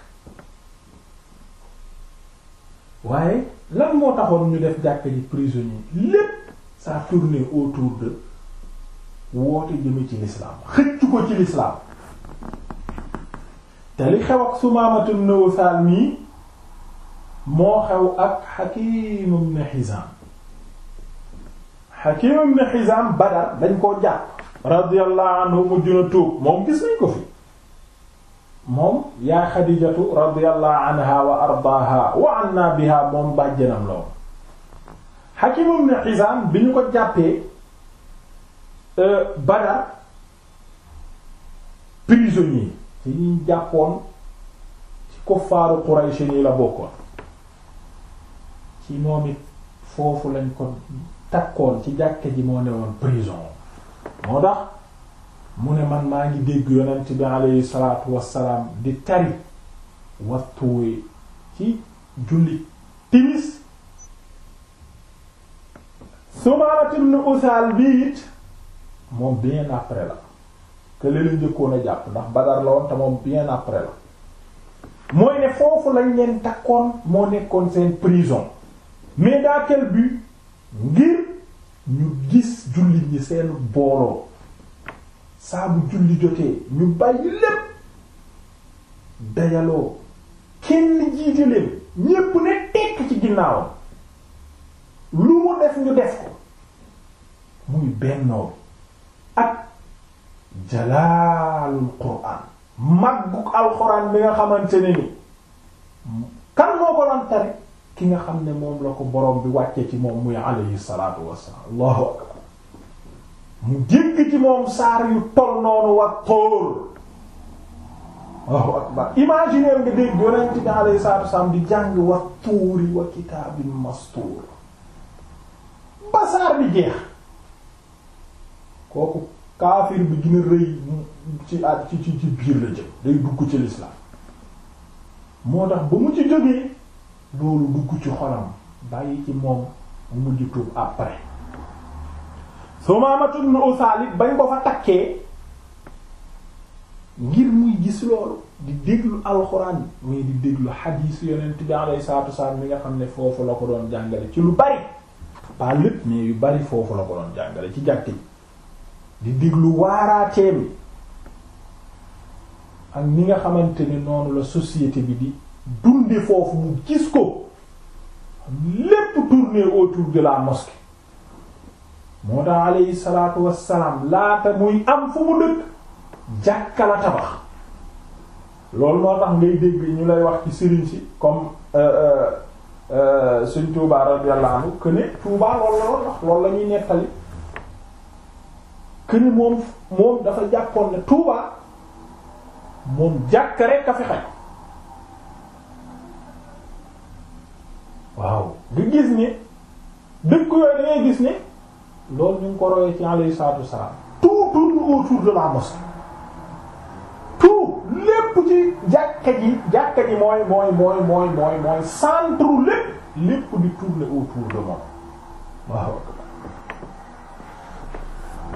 waaye lan moo taxoon ñu def jàkk ji prisonnier lépp ça tourne autour de woote jëme ci lislaam xëcc ko ci lislaam te li xew ak Sumaamatu ibn Wasaal moo xew ak Hakim ibn Hizam Hakim ibn Hizam Badar dañ koo jàpp radiyallahu anhu mujj na moom gis nañ ko fi moom yaa Xadijatu radiyallahu anha wa ardaaha wa anna biha moom bàjjanam la woon Hakim ibn Hizam bi ñu ko jàppee Euh, Badar prisonnier ci ñuy jàppoon ci kuffaaru Quraysh ni la bokkoon ci moom it foofu lañ ko takkoon ci jàkke ji moo newoon prison moo tax mu ne man maa ngi dégg yonent bi alayhi salaatu wassalaam di tari wattuwe ci julli timis Sumaarat ibn Usaal moom bien après la te leen njëkkoon a jàpp ndax Badar la te moom bien après la mooy ne foofu lañ leen takkoon moo nekkoon seen prison mais dans quel but ngir ñu gis jullit ñi seen booloo saabu bu julli jotee ñu bàyyi lépp dajaloo kenn jiite leen ñépp ne tekk ci ginnaaw lu mu def ñu def ko muy bennoo ak jalaalul quraan màggug alxuraan bi nga xamante ne ni kan moo ko ki nga xam ne moom la ko borom bi wàcce ci moom muy alayhi salaatu wassalaam allahu akbar mu saar yu tol noonu wa tóor allahu akbar imaginaire nga dégg yonent bi alayhi di jàng wa tuuri wa kitaabin mastuur ba saar bi jeex kooku kaafir bi gën rëy ci at ci ci ci biir la jëm day dugg ci l'islam moo tax ba mu ci jógee loolu dugg ci xolam bàyyi ci moom mu mujj tuub après Sumaamatu ibn Usaalit bañ ko fa takkee ngir muy gis loolu di déglu alxuraan mais di déglu xadiis yonent ti alayhi salaatu wasalaam mi nga xam ne foofu la ko doon jàngale ci lu bari pas lépp mais yu bari foofu la ko doon jàngale ci jàkk yi di diglu bi ak ni nga xamante ni noonu la société bi di dundi foofu mu gis ko lépp tourner autour de la mosquée moo tax alayhi salaatu wassalaam laata muy am fu mu dëkk jàkka la tabax loolu moo tax ngay dégg ñu lay wax ci sëriñ si comme euh, euh, euh, suñ Touba radiyallahu anhu que ne Touba loolu la loolu la nettali que ni moom moom dafa jàppoon ne Touba moom jàkk rek a fi xaj waaw nga gis ni dëkk yooyu da gis ne loolu ñu ko royee ci alayhi salaatu wassalaam tout tourne autour de la mosquée tout lépp ci jàkka ji jàkka ji mooy mooy mooy mooy mooy mooy lépp lépp di tourner autour de moom waaw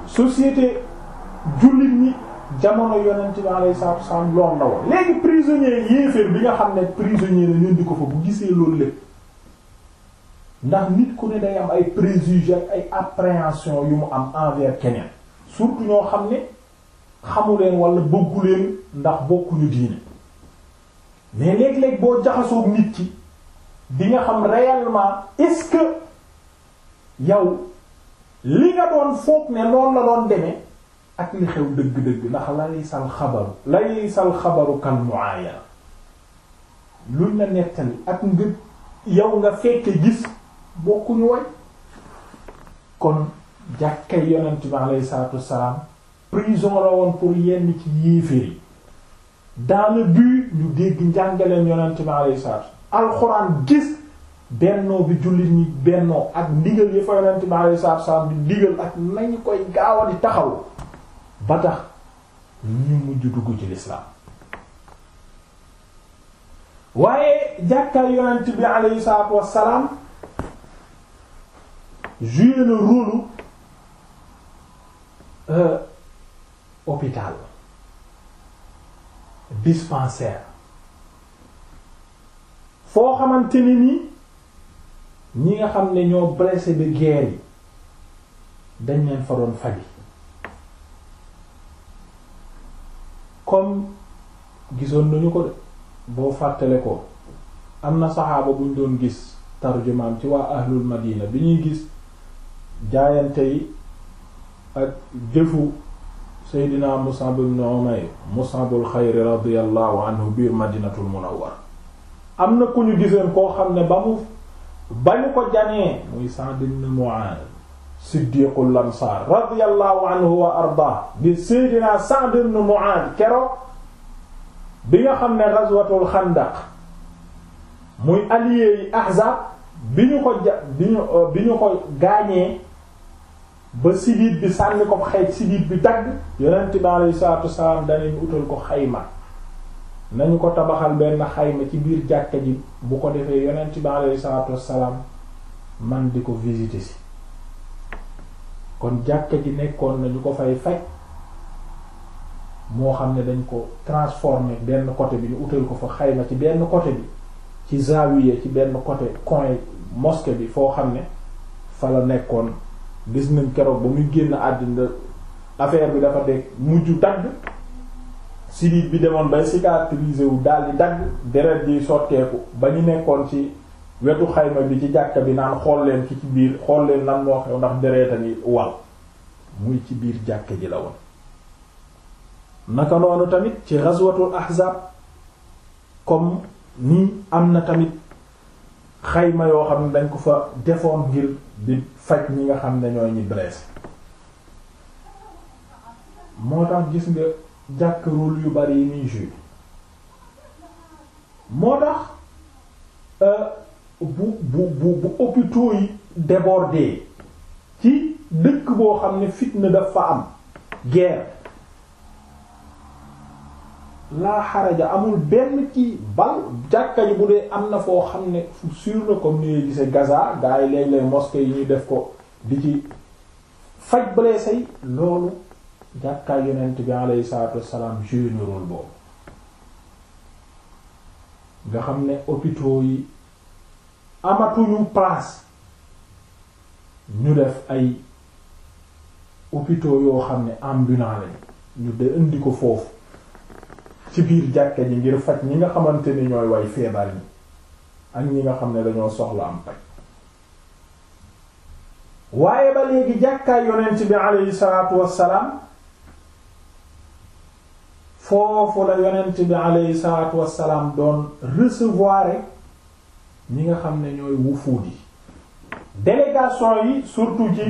société jullit ñi jamono yonent bi alayhi salaatu wasallam lool na woon léegi prisonnier yéeféer bi nga xam ne prisonnier la di ko fa bu gisee loolu lépp ndax nit ku ne day am ay préjugés ak ay appréhension yu mu am envers keneen surtout ñoo xam ne xamuleen wala bëgguleen ndax bokkuñu diine mais léeg-léeg boo jaxasoog nit ki di nga xam réellement est-ce que yow li nga doon foog ne loolu la doon demee ak li xew dëgg-dëgg ndax laysal xabaru laysal xabaru kal muayana luñ la nettali ak nga yow nga fekke gis bokkuñu way kon jàkkay yonent bi alayhi salaatu wassalaam prison la woon pour yenn ci yéeféer yi dans le ñu dégg njàngaleen yonent bi alayhi salaatu alxuraan gis bennoo bi jullit ñi bennoo ak ndigal yi fa yonent bi alayhi salaatu salaam di digal ak nañu koy gaaw taxaw ba tax ñu mujj dugg ci lislaam waaye jàkkaay yonent bi alayhi salaatu wassalaam joué le rôle euh hôpital foo xamante ni nii ñi nga xam ne ñoo blessé de guerre yi dañ leen fa doon faji comme gisoon nañu ko de boo fàttale ko am na saxaaba buñ doon gis tarjumaan ci waa ahlul madina bi ñuy gis jaayante yi ak jëfu seydina Mus'ab ibn Umayr Mus'abul xayri radiyallahu anhu biir madinatul munawwar am na ku ñu giseen koo xam ne ba mu ba ñu ko janee muy Sa'd ibn Mu'adh siddiqul ansaar radiyallahu anhu wa ardaa di seydinaa Sa'd ibn Mu'adh keroog bi nga xam ne ghazwatul xandaq muy alliés yi ahzab bi ñu ko ja bi ñu bi ñu ko gaañee ba sidiit bi sànni ko xëy sidiit bi dagg yonent bi alayhi salaatu salaam dañuy utal ko xayma nañu ko tabaxal benn xayma ci biir jàkka ji bu ko defee yonent bi alayhi salaatu wassalaam man di ko visiter si kon jàkka ji nekkoon nañu ko fay fay moo xam ne dañ ko transformer benn côté bi ñu utal ko fa xayma ci benn côté bi ci zawiye ci benn côté coin mosquée bi foo xam ne fa la nekkoon gis nañ keroog ba muy génn àddina affaire bi dafa dee mujj tagg sidit bi demoon bay cicatriser wu daal di dagg deret ji sotteeku ba ñu nekkoon ci wetu xayma bi ci jàkka bi naan xool leen ci ci biir xool leen nan moo xew ndax dereeta ni wal muy ci biir jàkka ji la woon naka loolu tamit ci ghazwatul ahzab comme ni am na tamit xayma yoo xam ne dañ ko fa defoon ngir di faj ñi nga xam ne ñoo ñi blessé moo tax gis nga jàkk rôle yu bari yi muy joué moo tax euh, bu bu bu bu yi débordé ci dëkk boo xam ne fitna dafa am guerre laa ja amul benn ci bal jàkka yi bu dee am na foo xam ne fu sûr na comme ni ngay Gaza gars yi léeg-léeg mosquée yi ñuy def ko di ci faj blessé loolu jàkkaay yonent bi alayhi salaatu wassalaam joué na boobu nga xam ne hôpitaux yi amatuñu place ñu def ay hôpitaux yoo xam ne ambulants lañ ñu de indi ko foofu ci biir jàkka ji ngir faj ñi nga xamante ni ñooy way feebar ñi ak ñi nga xam ne dañoo soxla am paj waaye ba léegi jàkkaay yonent bi alayhi salaatu wassalaam foofu la yonent bi aleyhi salaatu wassalaam doon recevoir ñi nga xam ne ñooy wufuud yi délégation yi surtout ci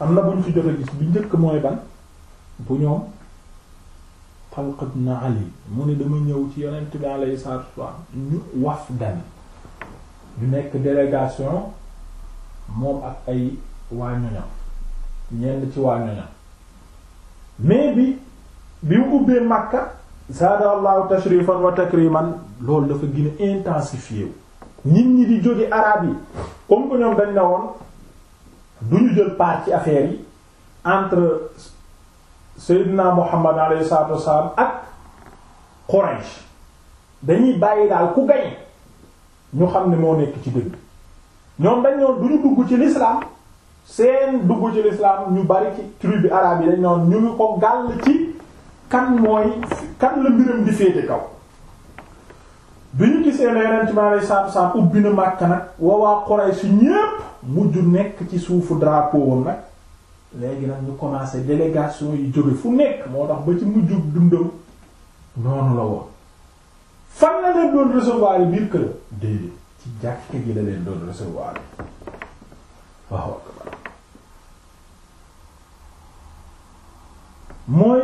am na buñ fi jot a gis bi njëkk mooy ban bu ñoom Talq ibn Ali mu ne dama ñëw ci yonent bi aleyhi salaatu wassalaam ñu wafdan ñu nekk délégation moom ak ay waa ñoñam ñenn ci waa ñoñam mais bi bi mu ubbee Makka zaada allahu tashrifan wa takriman loolu dafa gën a intensifié wu nit ñi di jóge arab yi comme que ñoom dañ ne woon du ñu jël part ci affaire yi entre Seydina Muhammad alayhi salaatu wassalaam ak Quraysh dañuy bàyyi daal ku gañe ñu xam ne moo nekk ci dëgg ñoom dañ ñoon du ñu dugg ci l'islam seen dugg ci l'islam ñu bari ci tribu arab yi dañ ñoon ñu ngi ko gàll ci kan mooy kan la mbiram di féete kaw bi ñu gisee ne ren ci maanaam saab-saab ubbi na Makka nag waa Quraysh ñépp mujj nekk ci suufu drapeau wam nag léegi nag ñu commencé délégation yi jóge fu nekk moo tax ba ci mujjub dundam noonu la woon fan la leen doon recevoir yi biir kër déedéet ci jàkka gi la leen doon recevoir yi waaw mooy.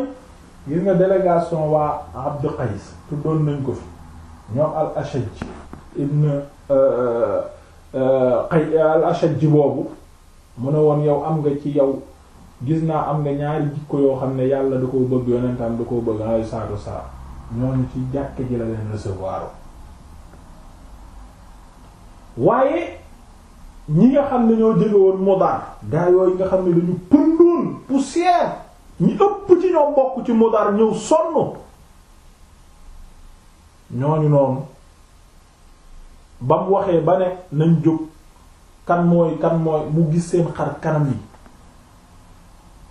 gis nga délégation waa Abdu Qays tuddoon nañ ko fi ñoom al Ashaj ibn Qay euh, euh, al Ashaj boobu mu ne woon yow am nga ci yow gis naa am nga ñaari jikko yoo xam ne yàlla du ko bëgg yonentam da koo bëgg alayhi salaatu wassalaam ñooñu ci jàkke ji la leen recevoir waaye ñi nga xam ne ñoo jege woon Mudaar gaa yi nga xam ne dañu pëndoon poussière ñi ëpp ci ñoom bokk ci mudar ñëw sonn ñooñu noonu ba mu waxee ba ne nañ jóg kan mooy kan mooy mu gis seen xar kanam yi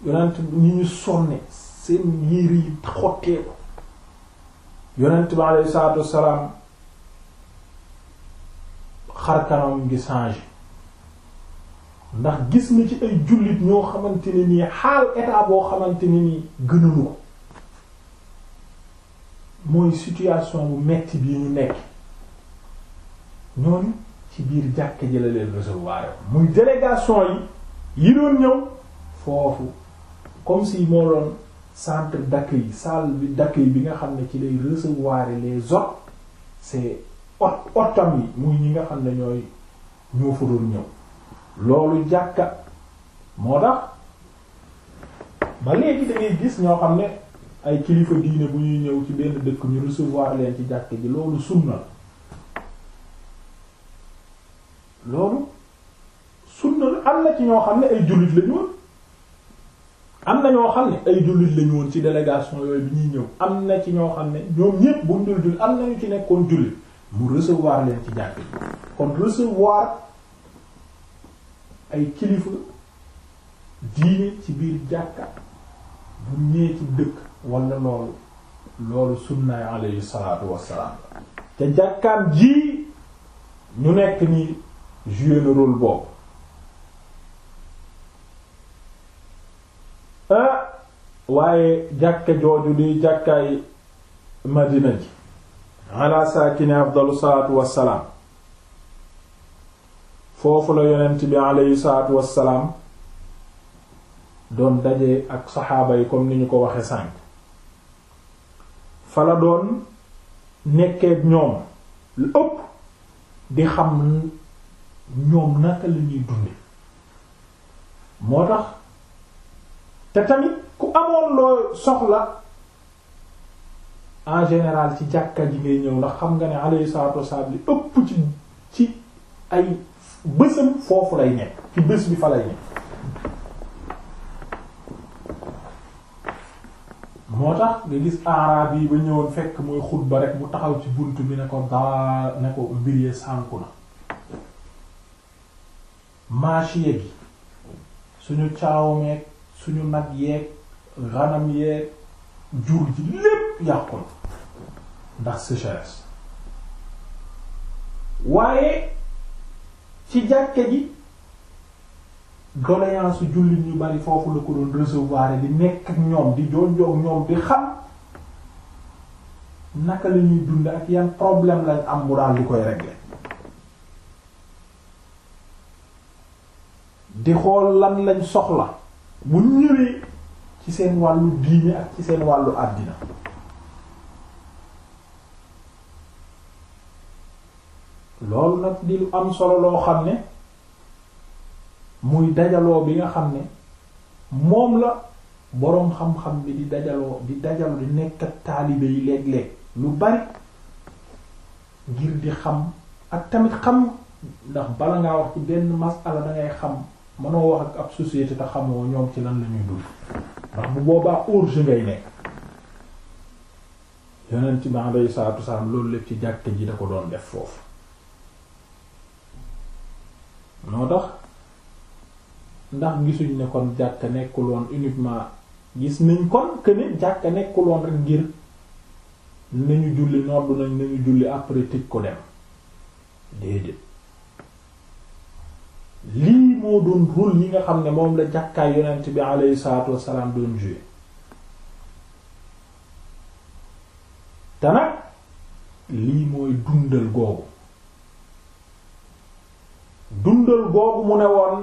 yonent ni ñu sonne seen yére yi xottee ko yonent bi aleyhi salaatu wassalaam xar kanam gi changé ndax gis na ci ay jullit ñoo xamante ne nii xaal état boo xamante ne nii gënuñu ko mooy situation bu metti bi ñu nekk ñooñu ci biir jàkk ji la leen recevoir muy délégation yi yi doon ñëw foofu comme si moo doon centre d'accueil salle bi d'accueil bi nga xam ne ci lay recevoir les autres c'est ot otam yi muy ñi nga xam ne ñooy ñoo fa doon ñëw loolu jàkka moo tax ba léegi dangay gis ñoo xam ne ay kilifa diine bu ñuy ñëw ci benn dëkk ñu recevoir leen ci jàkk ji loolu sunna la loolu sunna la am na ci ñoo xam ne ay jullit lañu am na ñoo xam ne ay jullit lañu ci delegation yooyu bi ñuy ñëw am na ci ñoo xam ne ñoom ñépp bu ñu dul dul am na ñu ci nekkoon jullit mu recevoir leen ci jàkk ji kon recevoir ay kilifa diine ci biir jàkka bu ñëwee ci dëkk wala loolu loolu sunnaay alayhi salaatu wassalaam te jàkkaam ji ñu nekk ni jouer le boobu ah, waaye jàkka jooju di jàkkaay madina ji ala saakini afdalu salaatu wassalaam foofu la yonent bi aleyhi salaatu wassalaam doon daje ak saxaaba yi comme ni ñu ko waxe sànk fa la doon nekkeek ñoom lu ëpp di xam ñoom naka la ñuy dunde moo tax te tamit ku amoon loo soxla en général ci jàkka ji ngay ñëw ndax xam nga ne aleyhi salaatu wassalaam li ëpp ci ci ay bésam foofu lay nekk ci bés bi fa lay nekk moo tax nga gis yi ba ñëwoon fekk muy xutba rek mu taxaw ci bunt bi ne ko daa ne ko mbir yee sànku na maashiye gi suñu caaw meeg suñu nag yeeg ranam yeeg jur ji lépp yàqu na ndax sécheresse waaye ci jàkke ji doléance jullit ñu bari foofu la ko doon recevoir di nekk ak ñoom di joojoo ñoom di xam naka la ñuy ak yan problème lañ am mu daal di koy régler di xool lan lañ soxla bu ñëwee ci seen wàllu diine ak ci seen wàllu àddina loolu nag di lu am solo loo xam ne muy dajaloo bi nga xam ne moom la boroom xam-xam bi di dajaloo di dajaloo di nekk ak taalibe yi léeg-léeg lu bari ngir di xam ak tamit xam ndax bala ngaa wax ci benn masala da ngay xam mënoo wax ak ab société te xamoo ñoom ci lan la ñuy dund ndax bu boobaa urge ngay nekk yonent bi alayhi salaatu wasalaam loolu lépp ci jàkk ji da ko doon def foofu moo tax ndax gisuñ ne kon jàkka nekkul woon uniquement gis nañ kon que ne jàkka nekkul woon rek ngir nañu julli noddu nañ nañu julli après tëj ko dem déedéet lii moo doon rôle yi nga xam ne moom la jàkkaay yonent bi alayhi salaatu wassalaam doon jouer te nag lii mooy dundal googu dundal googu mu ne woon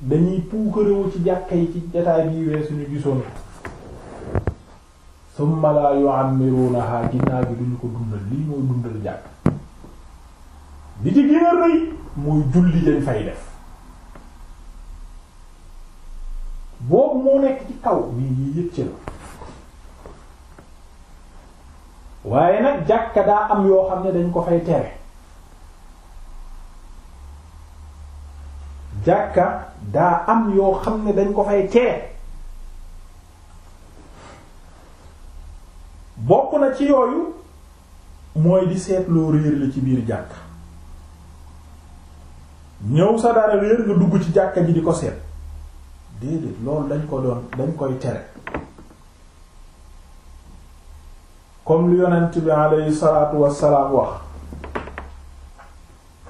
dañuy puukarewu ci jàkka yi ci jataay bii weesu ñu gisoon summa la yu'ammirunaha ginnaaw bi duñu ko dundal lii mooy dundal jàkk bi ci gën rëy mooy julli dañ fay def boobu moo nekk ci kaw nii yii yëpp ci la waaye nag jàkka daa am yoo xam ne dañ ko fay tere jàkka daa am yoo xam ne dañ ko fay tee bokk na ci yooyu mooy di seetloo réer la ci biir jàkk ñëw sa dara réer nga dugg ci jàkka ji di ko seet déedéet loolu dañ ko doon dañ koy tere comme lu yonent bi alayhi salaatu wassalaam wax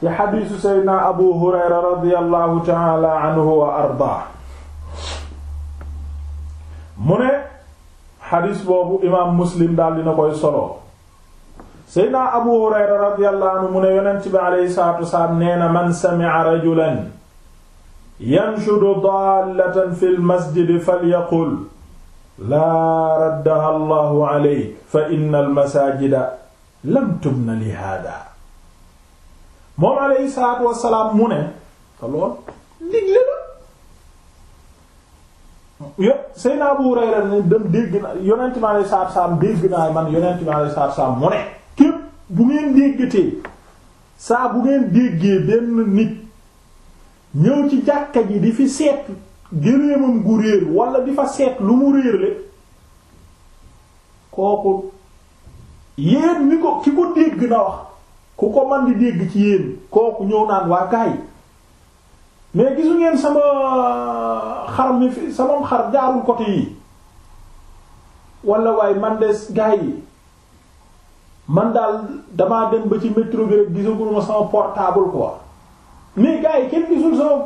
ci xadiisu seydna abu hurayra radiallahu taala anhu wa ardaa mu ne xadiis boobu imaam muslim daal dina koy solo seydna abu hurayra radiallahu anhu mu ne yonent bi aleyhi salaatu wasalaam nee na man sami'a rajulan yanshudu daallatan fi lmasjidi falyaqul laa raddaha allahu aleyk fa inna almasaajida lam tubna li haadaa moom alayhi salaam mu ne te lool digle la yo Seydina Abu Hurayra ne dem dégg naa yonent bi alayhi salaatu wassalaam mu ne képp bu ngeen déggatee saa bu ngeen déggee benn nit ñëw ci jàkka ji di fi seet gëréemam gu réer wala di fa seet lu mu réerle kooku yéen ni ko ki ko dégg na wax ku ko man di dégg ci yéen kooku ñëw naan waa gars yi mais gisu ngeen sama xar mi fi sama xar jaarul côté yi wala waaye man de gars man daal dama dem ba ci métro bi rek gisaguma sama portable quoi mais gars yi kenn gisul sama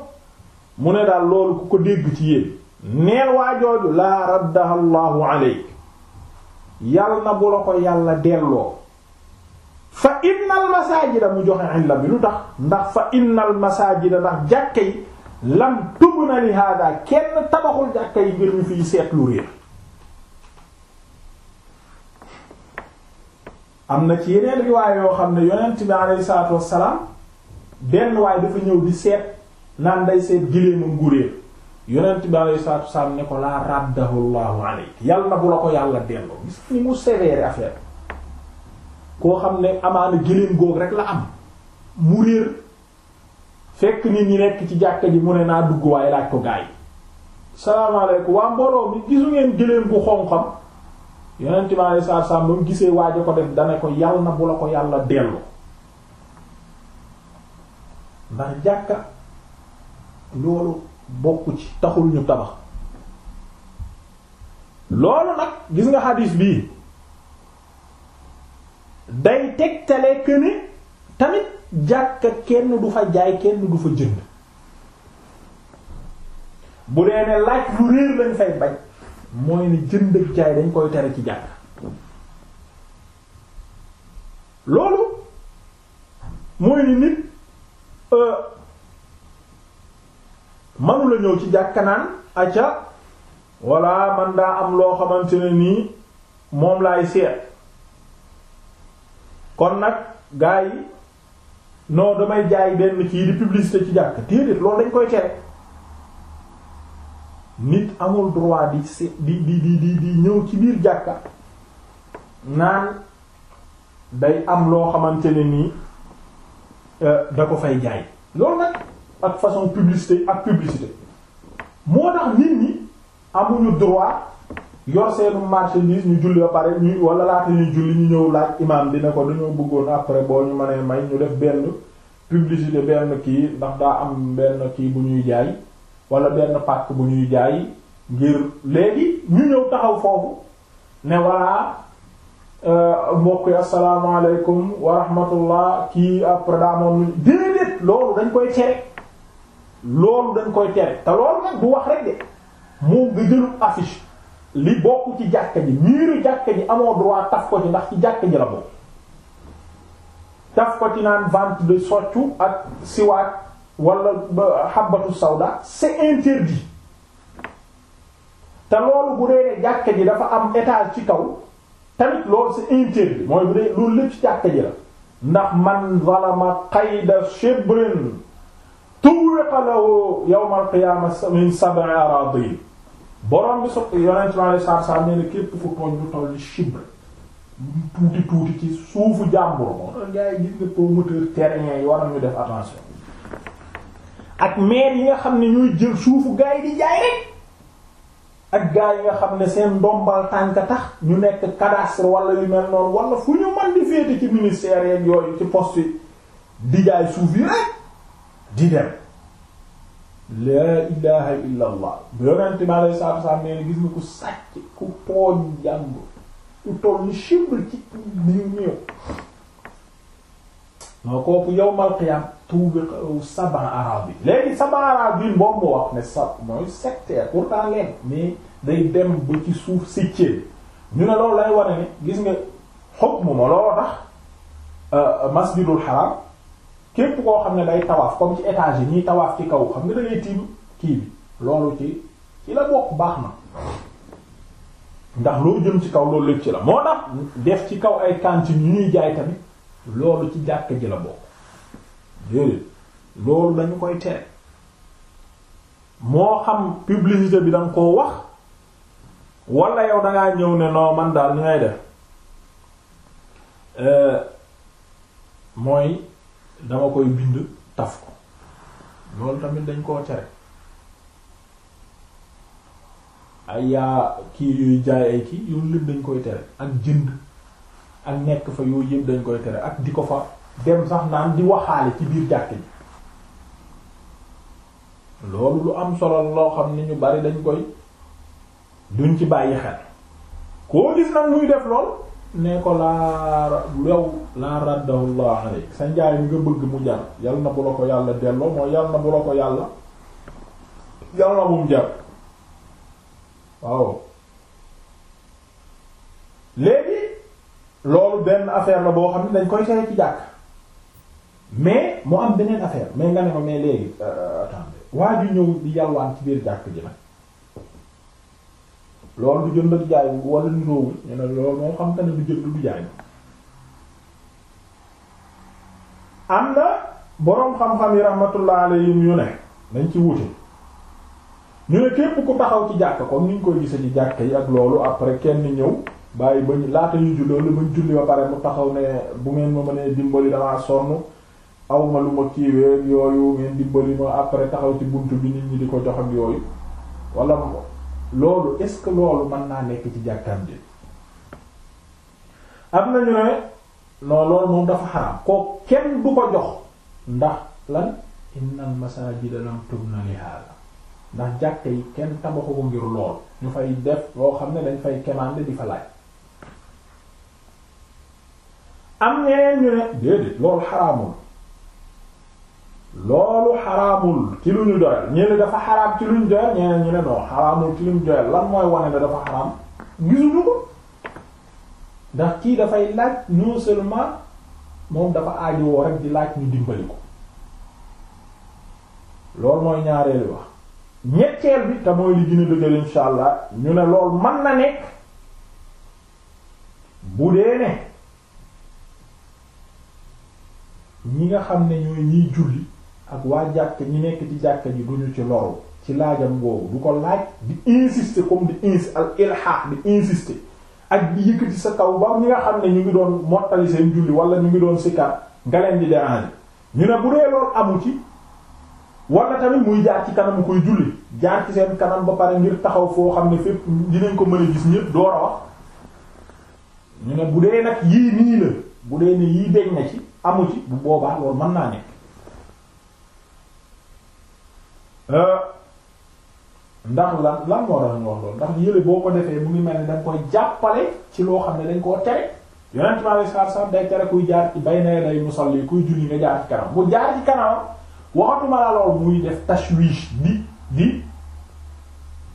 mu ne daal loolu ku ko dégg ci yéen neel waa jooju laa raddaha aleyk yàlla na bu la ko yàlla delloo fa innal masajida mu joxe illa bi lu tax ndax fa innal masajida ndax jàkke yi lam tubna li hada kenn tabaxul jàkke yi ngir ñu fiy seetlu réer am na ci yeneen riwaay yoo xam ne yonent bi alayhi salaatu wassalaam benn waay dafa ñëw di seet naan day seet gileemam gu réer yonent bi alayhi salaatu wassalaam ne ko laa raddahu llahu yàlla na bu la ko yàlla delloo gis ni mu sévère affaire koo xam ne amaana gëléem goog rekk la am mu réer fekk nit ñi nekk ci jàkka ji mu ne naa dugg waaye laaj ko gaa yi salaamaaleykum waa mbooloo mi gisu ngeen gëléem gu xonxam yonent mi alayhi salaatu salaam ba gisee waaja ko def dana ko yal na bu la ko yàlla dellu ndax jàkka loolu bokk ci taxul ñu tabax loolu nag gis nga xadiis bii day tegtale que ne tamit jàkka kenn du fa jaay kenn du fa jënd bu dee ne laaj lu réer lañ fay bañ mooy ne jënd ak jaay dañ koy tere ci jàkka loolu mooy ni nit euh, manu ñëw ci jàkka naan acca walla man daa am loo xamante ne nii moom laay seet kon nag gaa yi non damay jaay benn kii di publicité ci jàkk téedéet loolu dañ koy tere nit amul droit di si di di di ñëw ci biir jàkka naan day am loo xamante ne nii euh, da ko fay jaay loolu nag ak façon publicité ak publicité moo tax nit ñi amuñu droit yor seenu marchandise ñu julli ba pare ñu wala laata ñuy julli ñu ñëw laaj imaam bi ne ko dañoo bëggoon après boo ñu mënee may ñu def benn publicité benn kii ndax daa am benn kii bu ñuy jaay wala benn pàcc bu ñuy jaay ngir léegi ñu ñëw taxaw foofu ne voilà euh, mbokk yi asalaamaaleykum wa rahmatullah kii après daa moom déedéet loolu dañ koy tere loolu dañ koy tere te loolu nag du wax rek de moom nga jëlu affiche li bokk ci jàkka ji miiru jàkka ji amoo droit taf ko ci ndax ci jàkka ji la bokk taf ko ci naan vente de soccu ak siwaat wala xabatu sawda c'est interdit te loolu bu dee jàkka ji dafa am étage ci kaw tamit loolu c'est interdit mooy bu dee loolu lépp ci jàkka ji la ndax man zalama qayda shibrin tuwiqa lahu yawm al qiyamah min sab'i aradin borom bi sopp yonent bi alei satu salaam nee képp ku tooñ bu toll chibre tuuti tuuti ci suufu jàmbur moo tax gars yi gis nga promoteur terrain yi war nañu def attention ak maire yi nga xam ne ñuy jël suufu gaay yi di jaay rek ak gars yi nga xam ne seen ndombal tànk tax ñu nekk cadastre wala yu mel noonu wala fu ñu man di féete ci ministère yeeg yooyu ci post yi di jaay suuf yi rek di dem laa ilaha illa bi alei salatu salaam nee gis nga ku sàcc ku tooñ jàmb ku toll ni chibre ci niw ñëw noo kooku yowmal qiyam tuubi saban arabe bi léegi saban arabe bi wax ne sa mooy sectaire pourtant leen mais day dem ba ci suuf sëccéen ñu ne loolu lay wane ne gis nga xukmu ma looloo tax euh, haram képp koo xam ne day tawaaf comme ci étage yi ñiy tawaaf ci kaw xam nga da tiim kii bi loolu ci ci la bokk baax na ndax loo jëm ci kaw loolu lépp ci la moo tax def ci kaw ay cantine yu ñuy jaay tamit loolu ci jàkk ji la bokk déedéet loolu dañu koy tere moo xam publicité bi da koo wax wala yow da ñëw ne non man daal ni ngay def euh, mooy. dama koy bind taf ko loolu tamit dañ koo tere ay yaa kii yooyu jaay ay kii yooyu lépp dañ koy tere ak jënd ak nekk fa yooyu yëpp dañ koy tere ak di ko fa dem sax naan di waxaale ci biir jàkk ji loolu lu am solo loo xam ni ñu bari dañ koy duñ ci bàyyi xel koo gis nag muy def lool ne ko laa yow laa raddahu llah sa njaay mi nga bëgg mu jar yal na bu la ko yàlla delloo mooy yal na bu la ko yàlla yal na mu jar waaw léegi loolu benn affaire la boo xam ne dañ koy tere ci jàkk mais mu am beneen affaire mais nga ne ma mais léegi euh, attendez waa ju ñëw di yalwaan ci biir jàkk ji nag loolu du jënd ak jaay wala lu roowul ñu ne loolu moom xam te ne du jënd du jaay am na boroom xam-xam yi rahmatullah alayhim yu ne dañ ci wute ñu ne képp ku taxaw ci jàkk comme ni ñu koy gise ci jàkk yi ak loolu après kenn ñëw bàyyi ba laata ñu julli loolu bañ julli ba pare mu taxaw ne bu ngeen ma mënee dimbali damaa sonn aw ma lu ma kiiwee yooyu ngeen dimbali ma après taxaw ci bunt bi nit ñi di ko jox ak yooyu wala loolu est-ce que loolu mën naa nekk ci jàkkaam ji am nañu ne non loolu moom dafa xaraam koo kenn du ko jox ndax lan innal masajida lam tubna li hada ndax jàkka yi kenn tabaxu ko ngir lool ñu fay def loo xam ne dañ fay kemaande di fa laaj am ñeneen ñu ne déedéet loolu xaraamul loolu xaraamul ci lu ñu doyal ñeneen dafa xaraam ci lu ñu doyal ñeneen ñu ne non xaraamul ci lu ñu doyal lan mooy wane ne dafa xaraam gisuñu ko ndax kii dafay laaj non seulement moom dafa aajowoo rek di laaj ñu dimbali ko loolu mooy ñaareelu wax ñetteel bi te mooy li gën a insha allah ñu ne lool man na nekk bu dee ne ñi nga xam ne ñu ñiy julli waa jàkk ñi nekk di jàkk ji duñu ci loru ci laajam boobu du ko laaj di insister comme di insi al ilhaq di insister ak di yëkkati sa kaw ba ñi nga xam ne ñu ngi doon mottali seen julli wala ñu ngi doon sikar nga leen di déranger ñu ne bu dee loolu amu ci wala tamit muy jaar ci kanam koy julli jaar ci seen kanam ba pare ngir taxaw foo xam ne fépp dinañ ko mën a gis ñépp door a wax ñu ne bu dee nag yii nii la bu dee ne yii deñ na ci amu ci bu boobaa loolu mën naa nekk Euh, ndax lan lan moo tax ñu ndax yële boo ko defee mu ngi mel ni da nga koy jàppale ci loo xam ne dañ koo tere yonent bi alayhi salaatu salaam tere kuy jaar ci bay na day musalli kuy julli nga jaar ci kanam bu jaar ci kanam waxatuma la lool muy def tashwish di di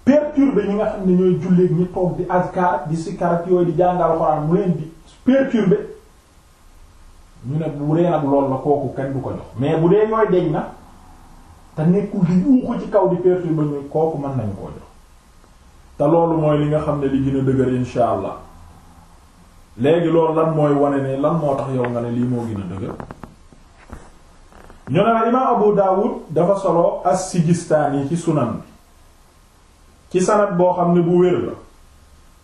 perturber ñi nga xam ne ñooy julleek ñi toog di azkar di sikar yooyu di jàngal Alxuraan mu leen di perturber ñu ne bu dee nag loolu la kooku kenn du ko jox mais bu dee ñooy deñ na. te nekkul di yuuxu ci kaw di perturber ñu kooku mën nañ koo jox te loolu mooy li nga xam ne li gën a dëgër insha léegi loolu lan mooy wane nii lan moo tax yow nga ne lii moo gën dëgër ñu ne la imaam Abu Dawud dafa solo as-Sijistaani ci sunan bi ci sanad boo xam ne bu wér la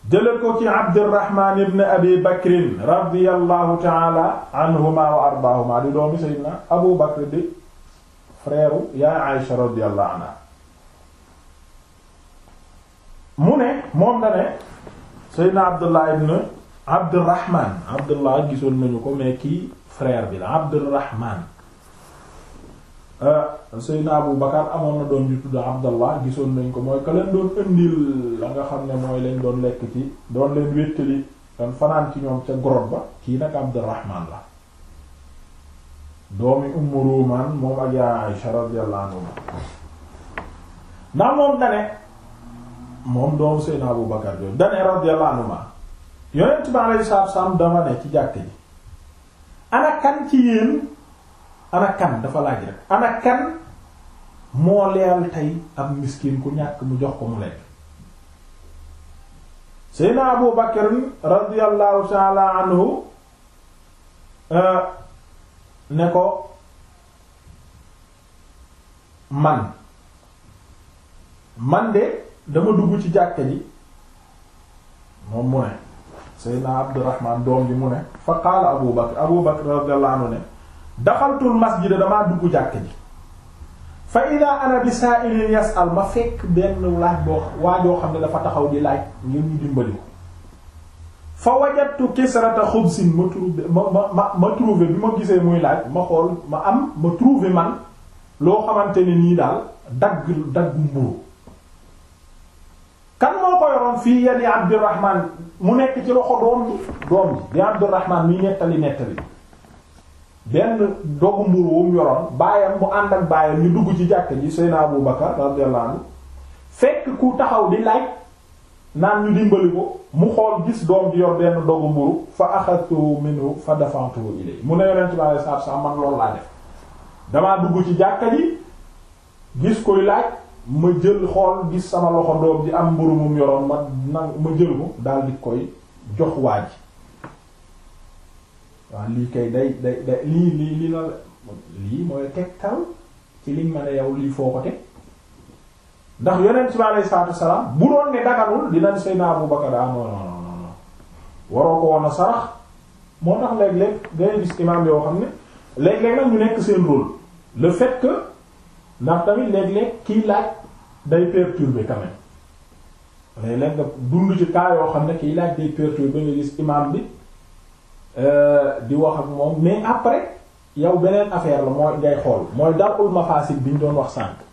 jële ko ci Abdurrahman ibn Abi Bakrin radiyallahu ta'ala anhuma wa ardaahuma di doomi Seydina Abu Bakr di frère yaa Aïsha radiyallahu anha mu ne moom la ne Seydina Abdullah ibn Abdurrahman Abdullah gisoon nañu ko mais kii frère bi la Abdurrahman euh, Seydina Abu Bakar amoon na doon ñu tudd gisoon nañ ko mooy ka leen doon indil la nga xam ne mooy lañ doon lekk ci doon leen wéttali doon fanaan ci ñoom ca grotte ba kii nag Abdurrahman la doomi ummu ruumaan moom ak yaa Aysha radiyallahu anha ndax moom dane moom doomu Seydina Abu Bakar jooju dane radiyallahu anhu yonent bi alayhi salaatu salaam dama ne ci jàkk ji ana ci yéen ana dafa laaj rek ana moo leel tey am miskin ku ñàkk mu jox ko mu lekk Seydina Abu Bakar radiyallahu ta'ala ne ko man man de dama dugg ci jàkka ji moom mu ne Seydina Abdurrahman doom ji mu ne fa qaala Abu Bakr Abu Bakr radiyallahu anhu ne daxaltul masjida damaa dugg jàkka ji fa ida ana bi sa'ilin yas'al ma fekk benn laaj boo waajoo xam ne dafa taxaw di laaj ngir ñu dimbali ko fa wajatu kisrata xubsin ma trouvé ma ma ma bi ma gisee muy laaj ma xool ma am ma trouvé man loo xamante ne nii daal dagg daggu mburu kan moo ko yoroon fii yadi Abdurrahman mu nekk ci loxo doom bi doom bi di Abdurrahman miy nettali nettali benn dogu mburu wum yoroon baayam mu ànd ak baayam ñu dugg ci jàkk ji Seydina Abu Bakar radiyallahu fekk ku taxaw di laaj naan ñu dimbali ko mu xool gis doom ji yor benn dogu mburu fa axadtuhu minhu fa dafa'tuhu ilay mu ne yonent bi sallallahu alayhi man loolu laa def damaa dugg ci jàkka ji gis koy laaj ma jël xool gis sama loxo doom ji am mburu mum yoroon ma nang ma jël ko daal koy jox waa ji lii kay day day day lii lii lii lii mooy tegtal ci liñ ma ne yow lii foo ko teg ndax yeneen bi alayhi salaatu wasalaam bu doon ne daganul dinañ Seydina Abu Bakar ah non non non waroo ko woon a sarax moo tax léeg-léeg day gis imaam yoo xam ne léeg-léeg nag nekk seen rôle le fait ndax tamit léeg-léeg kiy laaj day perturber quand même léeg-léeg dund ci cas yoo xam ne kiy laaj day bi nga gis imaam bi euh, di wax ak moom mais après yow beneen affaire la mooy ngay xool mooy darul mafasid bi ñu doon wax sànq.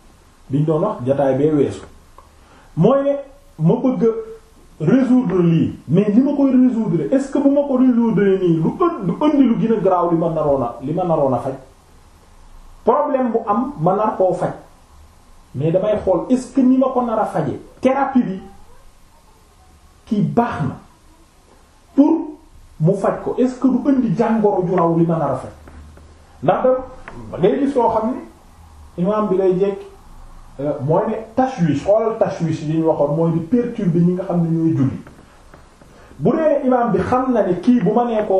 liñ doon wax jataay bee weesu mooy ne ma bëgg résoudre lii mais li ma koy résoudre est-ce que bu ma ko résoudre nii lu ënd lu ëndi lu gën a li ma naroon a li ma naroon a faj problème bu am ma nar koo faj mais damay xool est-ce que ni ma ko nar a faje thérapie bi kii baax na pour mu faj ko est-ce que du ëndi jàngoro ju raw li ma nar a faj ndax da ngay gis soo xam ne imaam bi lay jekk Euh, mooy ne tashwish xoolal tashwish yi ñu waxoon mooy di bi ñi nga xam ne ñooy julli bu dee ne imaam bi xam na ne kii bu ma nee ko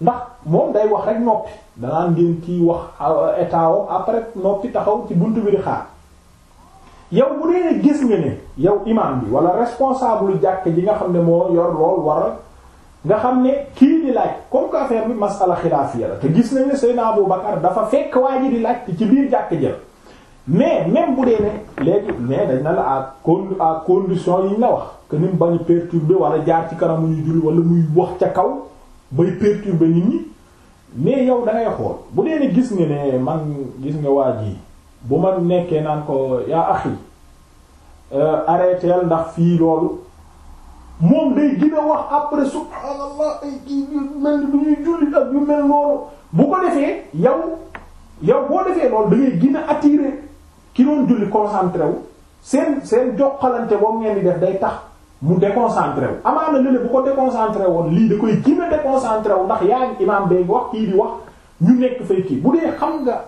ndax moom day wax rek noppi danaan ngeen kii wax euh, état wam après noppi taxaw ci bunt bi di xaar yow bu dee gis nga ne yow imaam bi wala responsable jàkk ji nga xam ne moo yor lool war nga xam ne kii di laaj comme que affaire bi masala xilaafiya la te gis nañ ne Seydina Abou Bakar dafa fekk waa ji di laaj te ci biir jàkk ji mais même bu dee ne léegi mais dañ na la à con à condition yi ñu wax que ni mu bañ a bi wala jaar ci kanamu ñuy julli wala muy wax ca kaw bay perturber nit ñi mais yow da ngay xool bu dee ne gis nga ne man gis nga waa ji bu ma nekkee naan ko yaa axi euh, arrêteel ndax fii loolu moom day gën a wax après subhaanallah bu ñuy julli ak yu mel noonu bu ko defee yow yow boo defee loolu da gina gën a ki doon julli concentré wu seen seen jokkalante boobu ngeen di def day tax mu déconcentré wu amaana lële bu ko déconcentré woon lii da koy gën a déconcentré wu ndax yaa ngi imaam bay wax kii di wax ñu nekk fay kii bu dee xam nga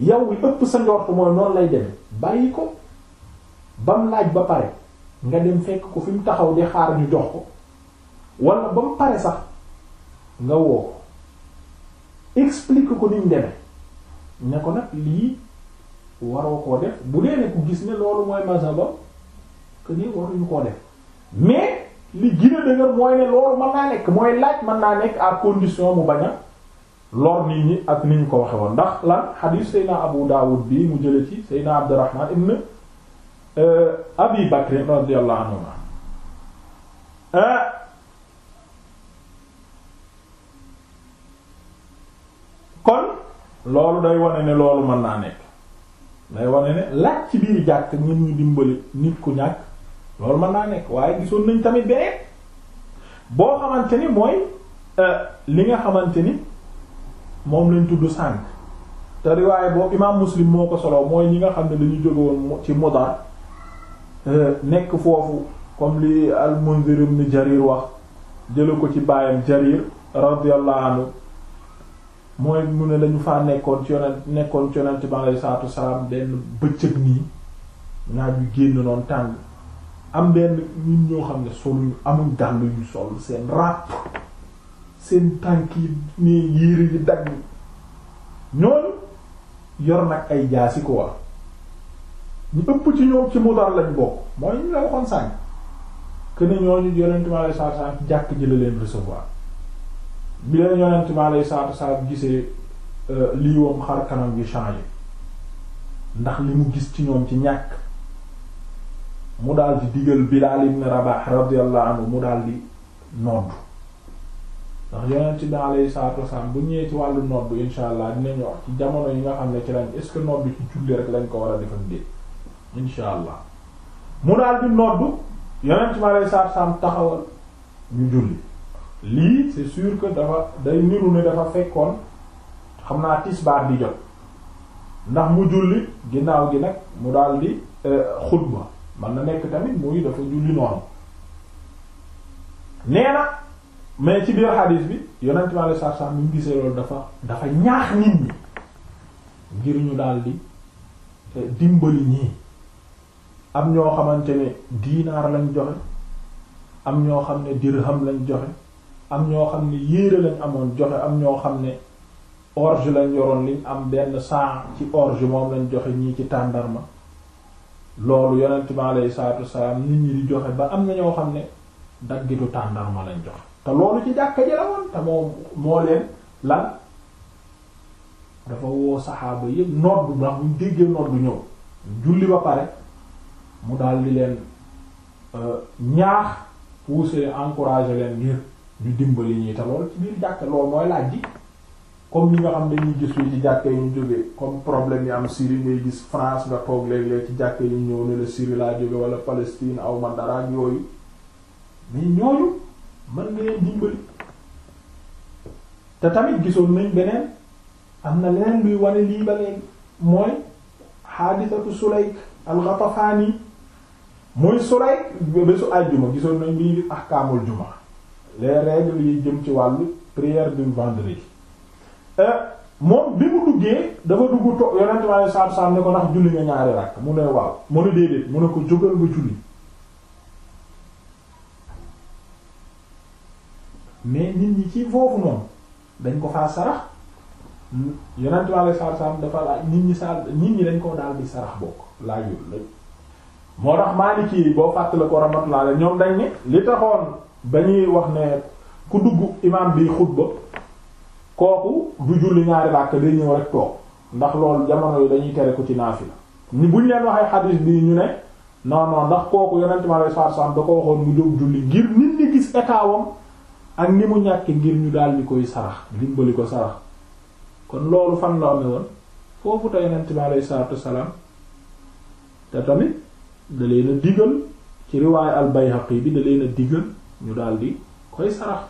yow li ëpp sa njort mooy noonu lay dem bàyyi ko bam laaj ba pare nga dem fekk ko fi mu taxaw di xaar ñu jox ko wala ba pare sax nga woo ko explique ko ni mu demee ne ko nag lii waroo koo def bu dee ne ku gis ne loolu mooy mazhabam que waruñu koo def mais li gën a dëgër mooy ne loolu mën naa nekk mooy laaj mën naa nekk à condition mu bañ lor nit ñi ak ni ñu ko waxe woon ndax lan xadiis Seydina Abu Dawud bi mu jële ci Seydina Abdurrahman ibn euh, Abi Bakr radiyallahu anhuma euh, kon loolu day wane ne loolu mën naa nekk lay wane ne laaj ci biir jàkk ñun ñu dimbali nit ku ñàkk loolu mën naa nekk waaye gisoon nañ tamit beneen boo xamante ni mooy euh, li nga xamante ni moom lañ tudd sànq te riwaaye boobu imaam muslim moo ko solo mooy ñi nga xam ne dañu jóge woon ci Mudar euh, nekk foofu comme li al-Munzir ibn Jarir wax jële ko ci baayam Jarir radiyallahu anhu mooy mu ne dañu faa nekkoon ci yonent nekkoon ci yonent bi alayhi salaatu salaam benn bëccëg nii naaj wi génn noonu tàng am benn ñun ñoo xam ne soluñu amuñ dàll yu sol seen ràpp seen tànk yi nii yére yi dagg ñooñu yor nag ay jaasi ko wax ñu ëpp ci ñoom ci Mudar lañ bokk mooy ñu la waxoon sànq que ne ñooñu yonent bi alayhi salaatu salaam jàkk ji la leen recevoir. bi leen yonent bi alayhi salaatu wasalaam gisee euh, lii woom xar kanam gi changé ndax li mu gis ci ñoom ci ñàkk mu daal di digal Bilaal ibn Rabah radiyallahu anhu mu daal di nodd ndax yonent bi alayhi salaatu wasalaam bu ñëwee ci wàllu nodd insha allah dinañu wax ci jamono yi nga xam ne ci lañ est-ce que nodd ci julli rek lañ ko war a defam dee insha allah mu daal di nodd yonent bi alayhi salaatu wasalaam taxawal ñu julli lii c'est sûr que dafa day niru ne dafa fekkoon xam naa tisbaar di jot ndax mu julli ginnaaw gi nag mu daal di euh, xutba man na nekk tamit muy dafa julli noonu nee na mais ci biir xadis bi yonent mi alei satu salaam mu gisee loolu dafa dafa ñaax nit ñi ngir ñu daal di euh, dimbali ñii am ñoo xamante ne diinaar lañ joxe am ñoo xam ne dirham lañu joxe am ñoo xam ne yére lañ amoon joxe am ñoo xam ne orge lañ yoroon liñ am benn saa ci orge moom lañ joxe ñii ci tàndarma loolu yonent bi alayhi salaatu wassalaam nit ñi di joxe ba am na ñoo xam ne daggitu tàndarma lañ joxe te loolu ci jàkka ji la woon te moo moo leen lan dafa woo saxaaba yépp noddu ndax buñ déggee noddu ñëw julli ba pare mu daal di leen euh, ñaax pousser encourager leen ngir ñu dimbali ñi te lool ci biir jàkk loolu mooy laaj comme ñi nga xam dañuy gis ci jàkk yi ñu jógee comme problème yi am Syrie ngay gis France nga toog léeg-léeg ci jàkk yi ñëw ne la Syrie laa jóge wala Palestine aw ma dara ak yooyu mais ñooñu mën nga leen dimbali te tamit gisoon nañ beneen am na leneen luy wane lii ba léegi mooy xaadisatu Sulayk al-Ghatafaani mooy Sulayk bésu àjjuma gisoon nañ bii ahkaamul juma les règles yi jëm ci wàllu prière du vendredi euh, moom bi mu duggee dafa dugg to yonent ma ne saab saab ne ko ndax julli nga ñaari rakk mu ne waaw mu ne déedéet mu ne ko jógal nga julli mais nit ñi ci foofu noonu dañ ko faa sarax yonent ma ne saab saab dafa laaj nit ñi saab nit ñi dañ ko daal di sarax la laajul lañ moo tax Maliki boo fàttali ko rahmatullah ñoom dañ ne li taxoon ba ñuy wax ne ku dugg imaam bi xutba kooku du julli ñaari ràkk day ñëw rek toog ndax loolu jamono yi dañuy tere ko ci naafila ni buñ leen waxee xadiis bi ñu ne non non ndax kooku yonent ma sallallahu alayhi wasallam waxoon mu jóg julli ngir nit ñi gis état wam ak ni mu ñàkke ngir ñu daal di koy sarax dimbali ko sarax kon loolu fan la amee woon foofu te yonent bi alayhi salaatu wasalaam te tamit da leen a ci riwaay al Bayhaqi bi da leen a ñu daal di koy sarax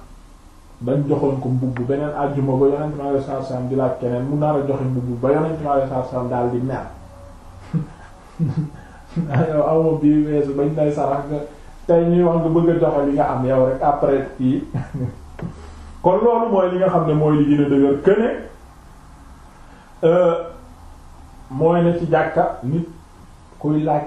bañ joxoon ko mbubb beneen àjjuma ba yonent mi alayhi salaatu di laaj keneen mu nar a joxe mbubb ba yonent mi alayhi salaatu salaam daal di mer yow amoo bii weesu bañ lay sarax tey ñuy wax nga bëgg a joxe li nga am yow rek après yi kon loolu mooy li nga xam ne mooy li gën a dëgër këne euh, mooy ne ci jàkka nit kuy laaj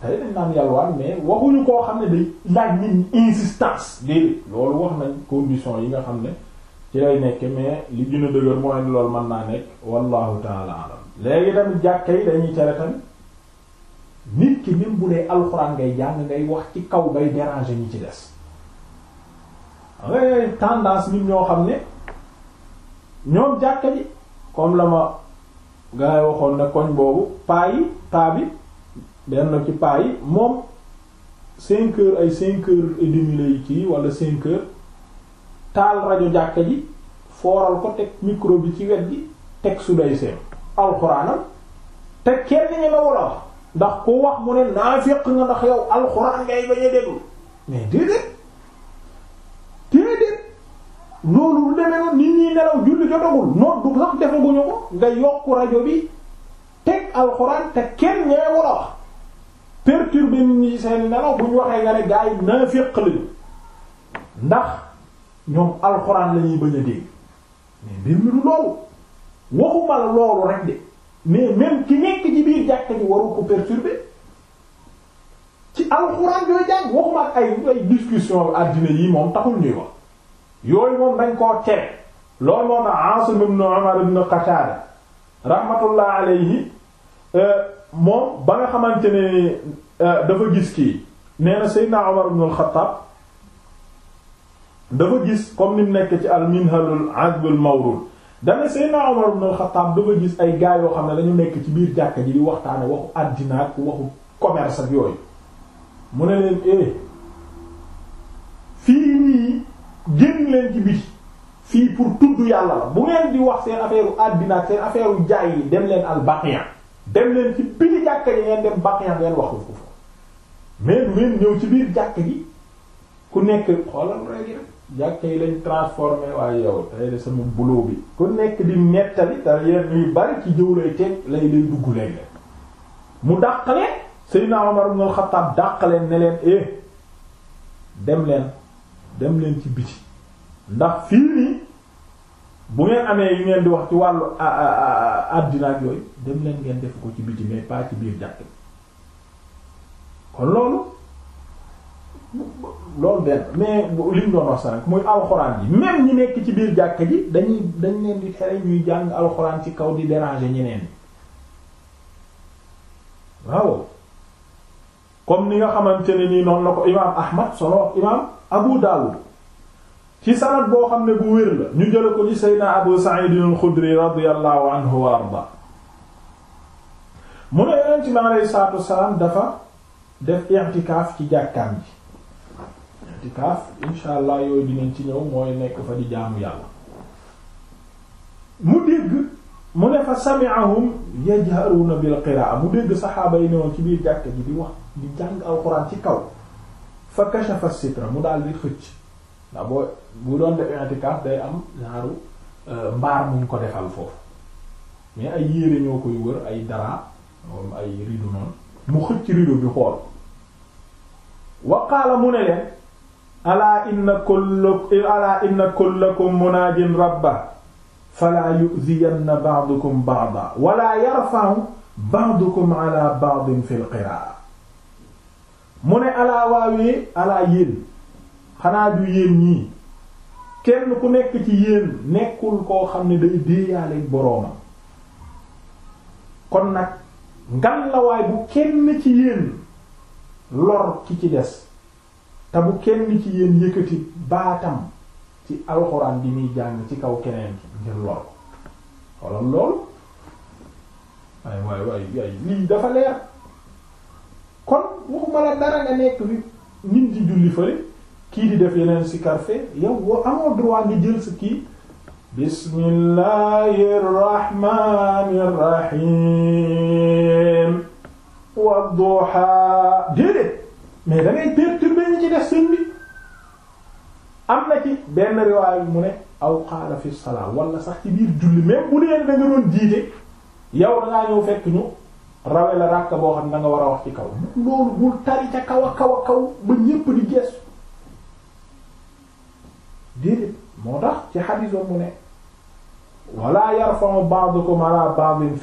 tey dañ naan yalwaan mais waxuñu koo xam ne day laaj nit insistance déedéet loolu wax nañ condition yi nga xam ne ci lay nekk mais li gën a moo mooy loolu mën naa nekk wallahu taala alam léegi tamit jàkka yi dañuy tere tamit nit ki même bu dee alxuraan ngay jàng ngay wax ci kaw ngay déranger ñi ci des ngay tendance nit ñoo xam ne ñoom jàkka ji comme la ma gaa yi waxoon ne koñ boobu paa yi paa bi benn ci paa yi moom cinq ay cinq heures et demi lay kii wala taal rajo jàkka ji fooral ko teg micro bi ci wet gi teg su day seen te kenn ñi ma wala ndax ku wax mu ne naafiq nga ndax yow alxuraan ngay bañ a déglu mais déedéet déedéet loolu lu demee noonu nit ñi nelaw julli jotagul noonu du sax defaguñu ko nga yokku rajo bi teg alxuraan te kenn ñee wala perturber nit ñi seen nelaw bu ñu waxee nga ne gaa yi naafiq lañu ndax ñoom alxuraan la ñuy a dégg mais mbir mi du loolu waxuma la loolu rek de mais même ki nekk ci biir jàkk ji waru ko perturber ci alxuraan yooyu jàng waxuma ay discussion àddina yi moom taxul ñuy wax yooyu moom dañ koo tere loolu moo tax Asim ibn Umar ibn Qatada rahmatullah alayhi euh, moom ba nga xamante ne euh, dafa gis kii nee na Seydina Umar ibn al-Khattab dafa gis comme ni mu nekk ci al-Minhalul Azbul Mawrud dana Seydina Umar ibn al-Khattab dafa gis ay gaa yoo xam ne dañu nekk ci biir jàkka ji di waxtaane waxu àddina ak waxu commerce ak yooyu mu ne leen eh fii nii génn leen ci biti fii pour tudd yàlla la bu ngeen di wax seen affaire u seen affaire u jaay yi dem leen dem leen ci biir jàkka ji ngeen dem bàq ya ngeen waxu foofu mais du ñëw ci biir jàkka ji ku nekk xoolal léegi rek jàkka yi lañ transformé waaye yow tey de sama boulot bi ku nekk di nettali te yéen ñuy bari ci jëw lay teg lay lay dugg léegi rek mu dàqale Seydina Omar ibn al-Khattab dàqale ne leen eh dem leen dem ci biti ndax fii nii bu ngeen amee yu ngeen di wax ci wàllu àddina ak yooyu dem leen ngeen def ko ci biti mais pas ci biir jàkk kon loolu loolu benn mais li mu doon wax sax muy alxuraan ji même ñi nekk ci biir jàkk ji dañuy dañ leen di tere ñuy jàng alxuraan ci kaw di déranger ñeneen waaw comme ni nga xamante ne nii noonu la ko imaam Ahmad solo imaam Abu Dawud ci sanad boo xam ne bu wér la ñu jële ko ci seydna abu sa'id xudri radiyallahu anhu wa arda mu ne yonent bi alayhi dafa def i'tikaaf ci jàkkaam ji i'tikaaf insha allah yooyu dinañ ci ñëw mooy nekk fa di jaamu yàlla mu dégg mu ne fa sami'ahum yajharuuna bil qiraa mu dégg saxaaba yi ne woon ci biir jàkk ji di wax di jàng alxuraan ci kaw fa kashafa sitra mu daal di xëcc ndax boo bu doon def i'tikaf day am genre euh, mbaar muñ ko defal foofu mais ay yére ñoo koy wër ay dara moom ay noonu mu xëcc rideau bi xool wa mu ne leen alaa inna kullakum alaa inna kullakum munaajin rabba falaa yu'ziyanna ba'dukum ba'da wala yarfa'u ba'dukum ala ba'din fil qira'a alaa waawee xanaa du yéen ñii kenn ku nekk ci yéen nekkul koo xam ne day déeyaaleeg boroomam kon nag ngan la waay bu kenn ci yéen lor ki ci des te bu kenn ci yéen yëkkati baatam ci alxuraan bi muy jàng ci kaw keneen ngir lor xoolal lool waay waay waay waay lii dafa leer kon waxuma la dara nga nekk fi nit di julli fële kii di def yeneen si karfe yow boo amoo droit jël si kii bismillahir rahmanir rahim wadduha déedéet mais da ngay perturbé ñi ci def seen bi am na ci benn riwaay mu ne aw qaala fi salaa wala sax ci biir julli même bu dee da nga doon jiite yow da ngaa ñëw fekk ñu rawe la ràkk boo xam ne da war a wax ci kaw loolu bul tari ca kaw a kaw a kaw ba ñépp di gees déedéet moo tax ci xadiis ba mu ne wala yarfa'u ba'dukum ala ba'din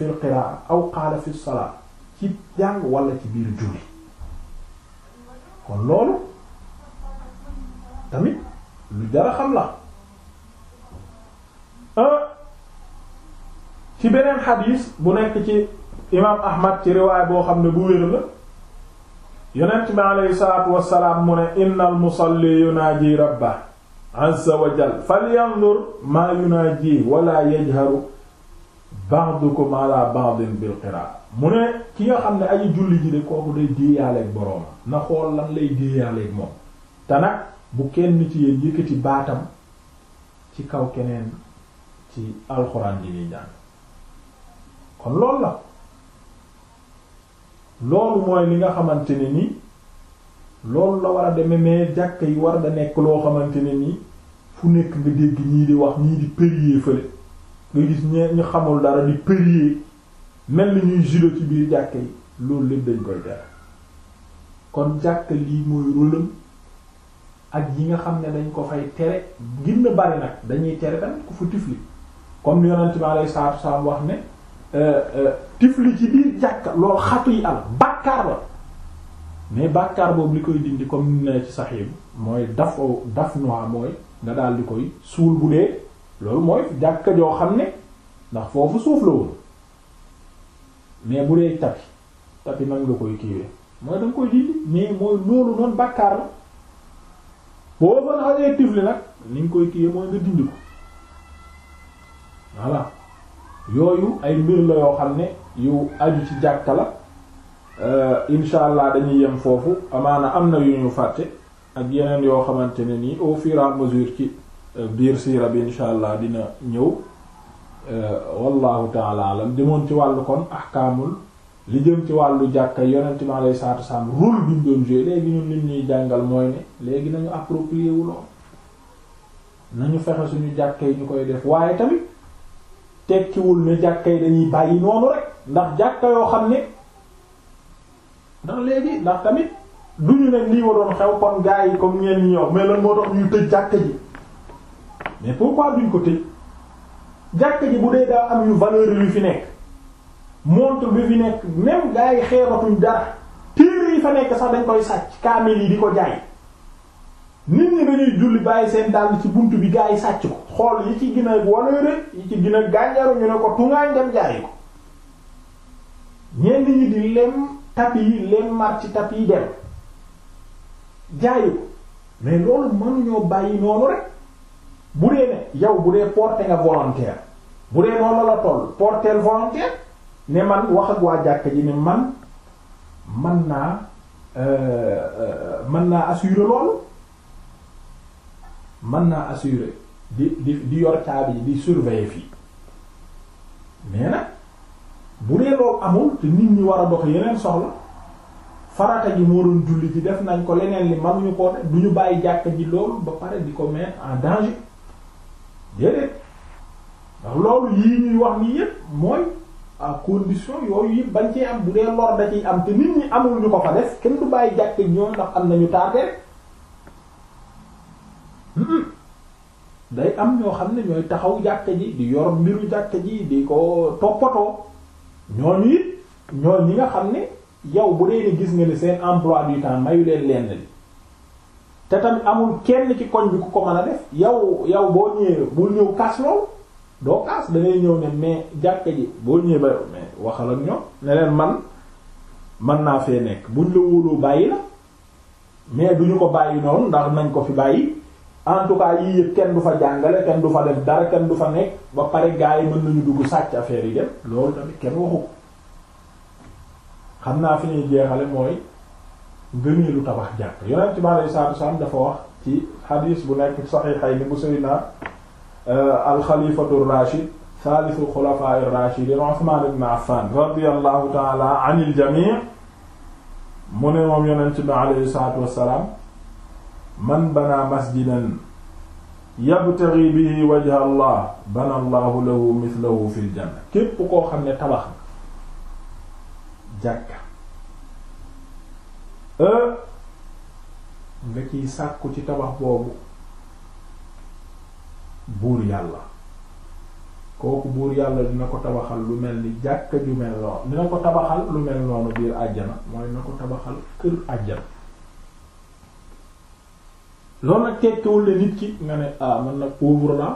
aw qaala fi salaat ci jàng wala ci biir julli kon loolu tamit lu jara xam la ah, ci beneen xadiis bu nekk ci imaam ahmad ci riwaay boo xam ne bu wér la yonent bi aleyhi salaatu wassalaam mu ne innal musalli yunaaji rabba azza wa jal falyanzur maa yunaaji wala yajharu ba'dukum ala ba'din bil qira'a mu ne ki nga xam ne aji julli ji de kooku day déeyaaleeg borooma na xool lan lay déeyaaleeg moom te nag bu kenn ci yéen yëkkati baatam ci kaw keneen ci alxuraan ji ñuy jàng kon loolu la loolu mooy li nga xamante ne ni loolu la war a demee mais jàkk yi war da nekk loo xamante ne nii fu nekk nga dégg ñii di wax ñii di prier fële nga gis ñee ñu xamul dara di prier mel ni ñuy julo ci biir jàkk yi loolu lépp dañ koy def kon jàkk lii mooy rôlam ak yi nga xam ne dañ ko fay tere gën na bari nag dañuy tere tamit ku fu tifli comme yonent bi alayhi salaatu salaam wax ne euh, euh, tifli ci biir jàkk loolu xatu yi al bàkkaar la mais bàkkaar boobu li koy dindi comme ne ci saxiib mooy daf daf noi mooy nga daal di koy suul bu dee loolu mooy jàkka joo xam ne ndax foofu suuf la woon mais bu dee tapi tapi nag nga koy kiiwee mooy da koy dindi mais mooy loolu noonu bàkkaar la boo mën xasee tifli nag ni nga koy kiiwee mooy nga dindi ko voilà yooyu ay mbir la yoo xam ne yu aju ci jàkka la Euh, insha allah dañuy yem foofu amaana am na yu ñu fàtte ak yeneen yoo xamante ne nii au fur et ci euh, biir siira bi insha allah dina ñëw euh, wallahu taala alam demoon ci wàllu kon ahkaamul li jëm ci wàllu jàkka yonent mi alayhi salaatu wasalaam rôle bi ñu léegi ñun lim ñuy jàngal mooy ne léegi nañu approprier wu lool nañu fexe suñu jàkka yi ñu koy def waaye tamit tekkiwul ne jàkka yi dañuy bàyyi noonu rek ndax jàkka yoo xam ne ndax léegi ndax tamit du ñu ne lii waroon xew kon gaa yi comme ñeen ñi yow mais lan moo tax ñuy tëj jàkka ji mais pourquoi duñ ko tëj jàkka ji bu dee daa am yu valeur yu fi nekk montre bi fi nekk même gaa yi xeebatuñ dara téere yi fa nekk sax dañ koy sàcc kaamil yi di ko jaay nit ñi dañuy julli bàyyi seen dàll ci bunt bi gars yi sàcc ko xool yi ci gën a valeur yi ci gën a ñu ne ko tungaañ dem jaay ko ñenn ñi di lem tapi yi leen mar ci tapi yi dem jaayi ko mais loolu mënuñoo bàyyi noonu rek bu dee ne yow bu dee porter nga volontaire bu dee noonu la toll porter volontaire ne man wax waa jàkka ji ne man man naa euh, man naa assurer loolu man naa assuré di di di yor caabi di surveiller fii mais nag bu dee loolu amul te nit ñi war a dox yeneen soxla farata ji moo doon julli ji def nañ ko leneen li mënuñu koo ne du ñu bàyyi jàkka ji loolu ba pare di ko mettre en danger déedéet ndax loolu yii ñuy wax nii yépp mooy à condition yooyu yëpp bañ ciy am bu dee lor da ciy am te nit ñi amul ñu ko fa def kenn du bàyyi jàkka ji ñoom ndax am nañu tardé day am ñoo xam ne ñooy taxaw jàkka ji di yor mbiru jàkka ji di ko toppatoo. ñooñu it ñooñu ñi nga xam ne yow bu dee ni gis nga ne seen emploi bi temps mayu leen lenn li te tamit amul kenn ci koñ bi ku ko mën a def yow yow boo ñëwee bul ñëw kaas lool doo kaas da ngay ñëw ne mais jàkka ji boo ñëwee ba mais waxal ak ñoom ne leen man mën naa fee nekk buñ la wóoloo bàyyi la mais duñu ko bàyyi noonu ndax nañ ko fi bàyyi en tout cas yii yëpp kenn du fa jàngale kenn du fa def dara kenn du fa nekk ba pare gars yi mën nañu dugg sàcc affaire yi dem loolu tamit kenn waxu xam naa fi ñuy jeexale mooy ngëneelu tabax jàkk yonent bi alayhi salaatu salaam dafa wax ci xadiis bu nekk saxiixay ni bu sayyidina euh, alxalifatu rashid saalisu xulafaa rashidin Usmaan ibn Affaan radiyallahu taala jamii mu ne moom yonent bi alayhi salaatu wassalaam man banaa masjidan yabtaghi bihi wajha allah bana allahu lahu mithlahu fil janna képp koo xam ne tabax na jàkka euh, nga ciy sàkku ci tabax boobu buur yàlla kooku buur yàlla dina ko tabaxal lu mel ni jàkka ju mel noonu dina ko tabaxal lu mel noonu biir àjjana mooy dina ko tabaxal kër àjjana loolu nag tekkiwul ne nit ki nga ne ah man nag pauvre la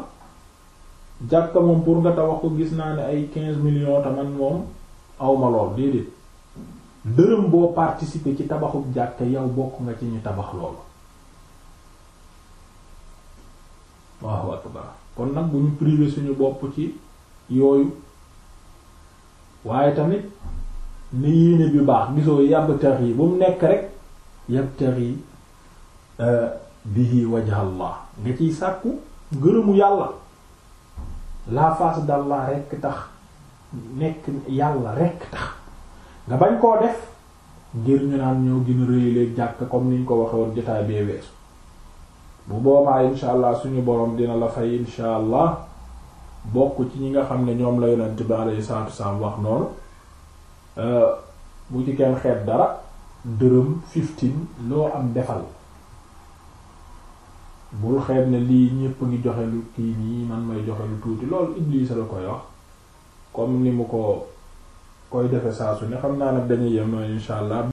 jàkka moom pour nga tabax ko gis naa ne ay quinze million tam man moom awma lool déedéet dërëm boo participer ci tabaxub jàkka yow bokk nga ci ñu tabax loolu waaw akbar kon nag bu ñu privé suñu bopp ci yooyu waaye tamit ni yéene bi baax gisoo yàbb tax yi bu mu nekk rek yàbb tax yi euh, bihi wajha Allah nga ciy sàkku gërëmu yàlla la fas d'Allah rekk tax nekk yàlla rekk tax nga bañ koo def ngir ñu naan ñoo gën a rëyleeg jàkk comme niñ ko waxe woon jotaay bee weesu bu boobaa insha allah suñu boroom dina la fay insha allah bokk ci ñi nga xam ne ñoom la yonent bi alayhi salaatu wasalaam wax noonu euh, bu ci kenn xeet dara dërëm fifteen loo am defal bul xeeb ne lii ñépp ngi joxe lu kii nii man may joxe lu tuuti loolu Iblis la koy wax comme ni mu ko koy defe saa ne xam naa nag dañuy yem insha allah